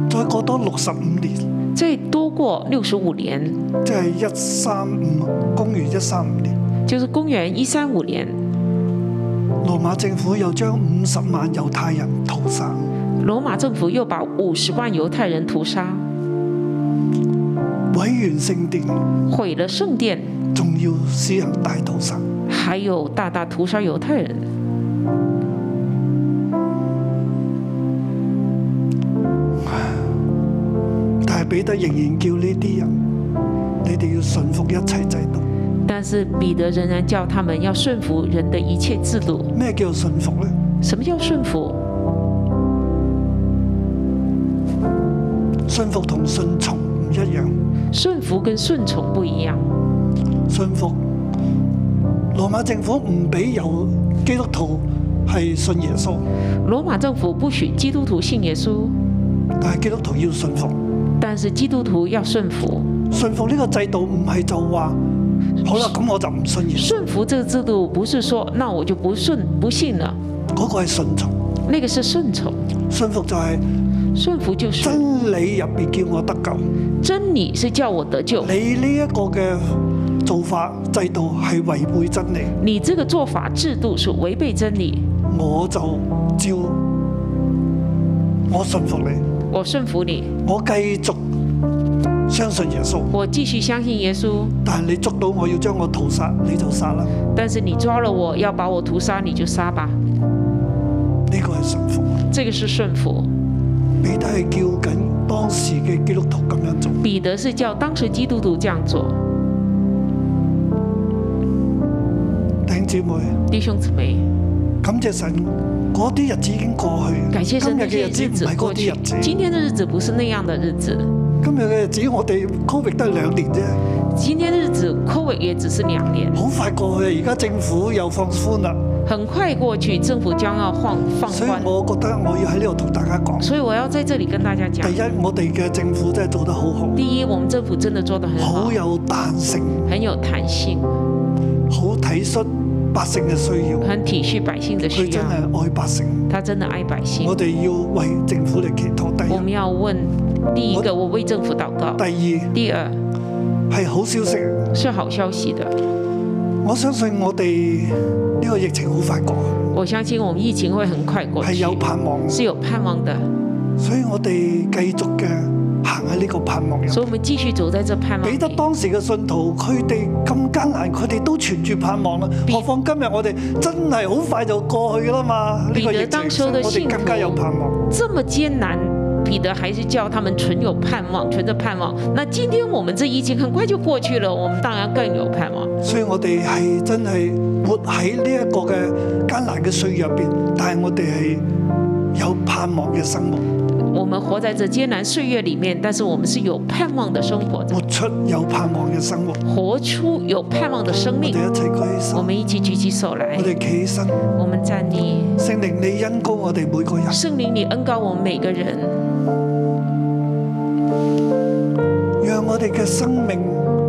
再過多六十五年，即過六十五年，即、就、係、是、一三五，公元一三五年，就是公元一三五年。羅馬政府又將五十萬猶太人屠殺。羅馬政府又把五十萬猶太人屠殺，毀完聖殿，毀了聖殿，仲要施行大屠殺，還有大大屠殺猶太人。彼得仍然叫呢啲人，你哋要順服一切制度。但是彼得仍然叫他們要順服人的一切制度。咩叫順服咧？什麼叫順服？順服同順從唔一樣。順服跟順從不一樣。順服羅馬政府唔俾有基督徒係信耶穌。羅馬政府不許基督徒信耶穌，但係基督徒要順服。但是基督徒要順服，順服呢個制度唔係就話，好啦，咁我就唔信耶穌。順服這個制度不是說，那我就不信，不信了。嗰個係順從，那個是順從。順服就係、是，順服就是、真理入邊叫我得救，真理是叫我得救。你呢一個嘅做法制度係違背真理，你這個做法制度是違背真理。真理我就照，我順服你。我信服你，我繼續相信耶穌，我繼續相信耶穌。但係你捉到我要將我屠殺，你就殺啦。但是你抓了我要把我屠殺，你就殺吧。呢個係信服，這個是信服。彼得係叫緊當時嘅基督徒咁樣做，彼得是叫當時基督徒這樣做。弟兄姊妹，姊妹感謝神。我啲日子已經過去了，感今日嘅日子唔係嗰啲日子，今天嘅日，日，日子不是那樣嘅日子。嗯、今日嘅日子我哋 covid 都係兩年啫。今天日子 covid 也只是兩年，好快過去。而家政府又放寬啦。很快過去，政府將要放放寬。我覺得我要喺呢度同大家講。所以，我要喺這裡跟大家講。第一，我哋嘅政府真係做得好好。第一，我們政府真的做得很好，好有彈性，很有彈性，好體恤。百姓嘅需要，很體恤百姓嘅需要，佢真係愛百姓，他真的愛百姓。我哋要為政府嚟祈禱第一。我們要問第一個，我為政府禱告。第二，第二係好消息，是好消息的。我相信我哋呢個疫情好快過。我相信我們疫情會很快過去，係有盼望，是有盼望的。所以我哋繼續嘅。行喺呢個盼望入邊，所以我們繼續走在這盼望。彼得當時嘅信徒，佢哋咁艱難，佢哋都存住盼望啦。何況今日我哋真係好快就過去啦嘛！彼得當時嘅信徒、這個、更加有盼望。這麼艱難，彼得還是教他們存有盼望，存着盼望。那今天我們呢疫情很快就過去了，我們當然更有盼望。所以我哋係真係活喺呢一個嘅艱難嘅歲月入邊，但係我哋係有盼望嘅生活。我們活在這艱難歲月裏面，但是我們是有盼望的生活的。活出有盼望的生活。活出有盼望的生命。我們，我們一起舉起手來。我們站立。聖靈，你恩膏我哋每個人。聖靈，你恩膏我們每個人。讓我哋嘅生命。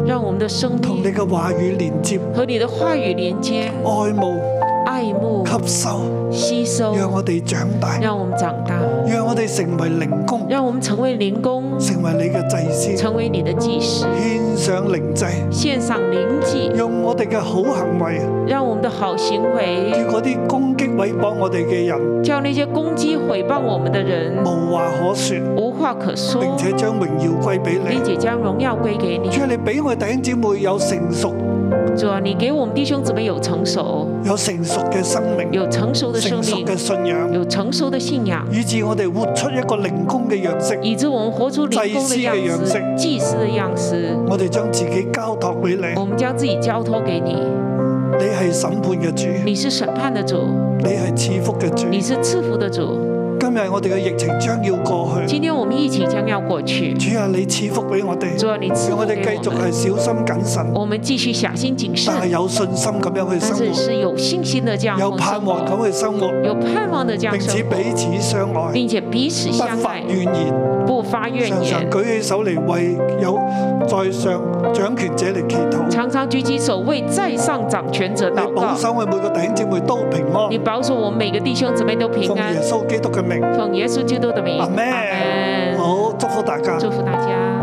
讓我們的生命。同你嘅話語連接。和你的話語連接。愛慕。愛慕。吸收。吸收。讓我哋長大。讓我們長大。讓我哋成為靈工，讓我們成為靈工，成為你嘅祭司，成為你嘅祭司，獻上靈祭，獻上靈祭，用我哋嘅好行為，讓我們嘅好行為，對嗰啲攻擊毀謗我哋嘅人，叫呢啲攻擊毀謗我哋嘅人，們的人無話可說，無話可說，並且將榮耀歸俾你，你姐將榮耀歸俾你，給我妹有成熟，主啊，你俾我哋弟兄姊妹有成熟，就話，你俾我哋弟兄姊妹有成熟。有成熟嘅生命，有成熟嘅信仰，有成熟的信仰，以致我哋活出一個靈工嘅樣式，以致我們活出靈工嘅樣式，祭司嘅樣式。我哋將自己交託俾你，我們將自己交託給你。你係審判嘅主，你是審判的主。你係賜福嘅主，你是賜福的主。今日我哋嘅疫情將要過去。今天我們一起將要過去。主啊，你賜福俾我哋，讓我哋繼續係小心謹慎。我們繼續小心謹慎，但係有信心咁樣去生活。但有信心的這樣有盼望咁去生活，有盼望的這樣生活，並且彼此相愛，並且彼此相愛，不發怨言，不發怨言，常常舉起手嚟為有在上掌權者嚟祈禱，常常舉起手為在上掌權者禱告。你保守我每個弟兄姊妹都平安。你保守我每個弟兄姊妹都平安。奉耶穌基督嘅名。奉耶穌基督嘅名。Amen Amen。好，祝福大家。祝福大家。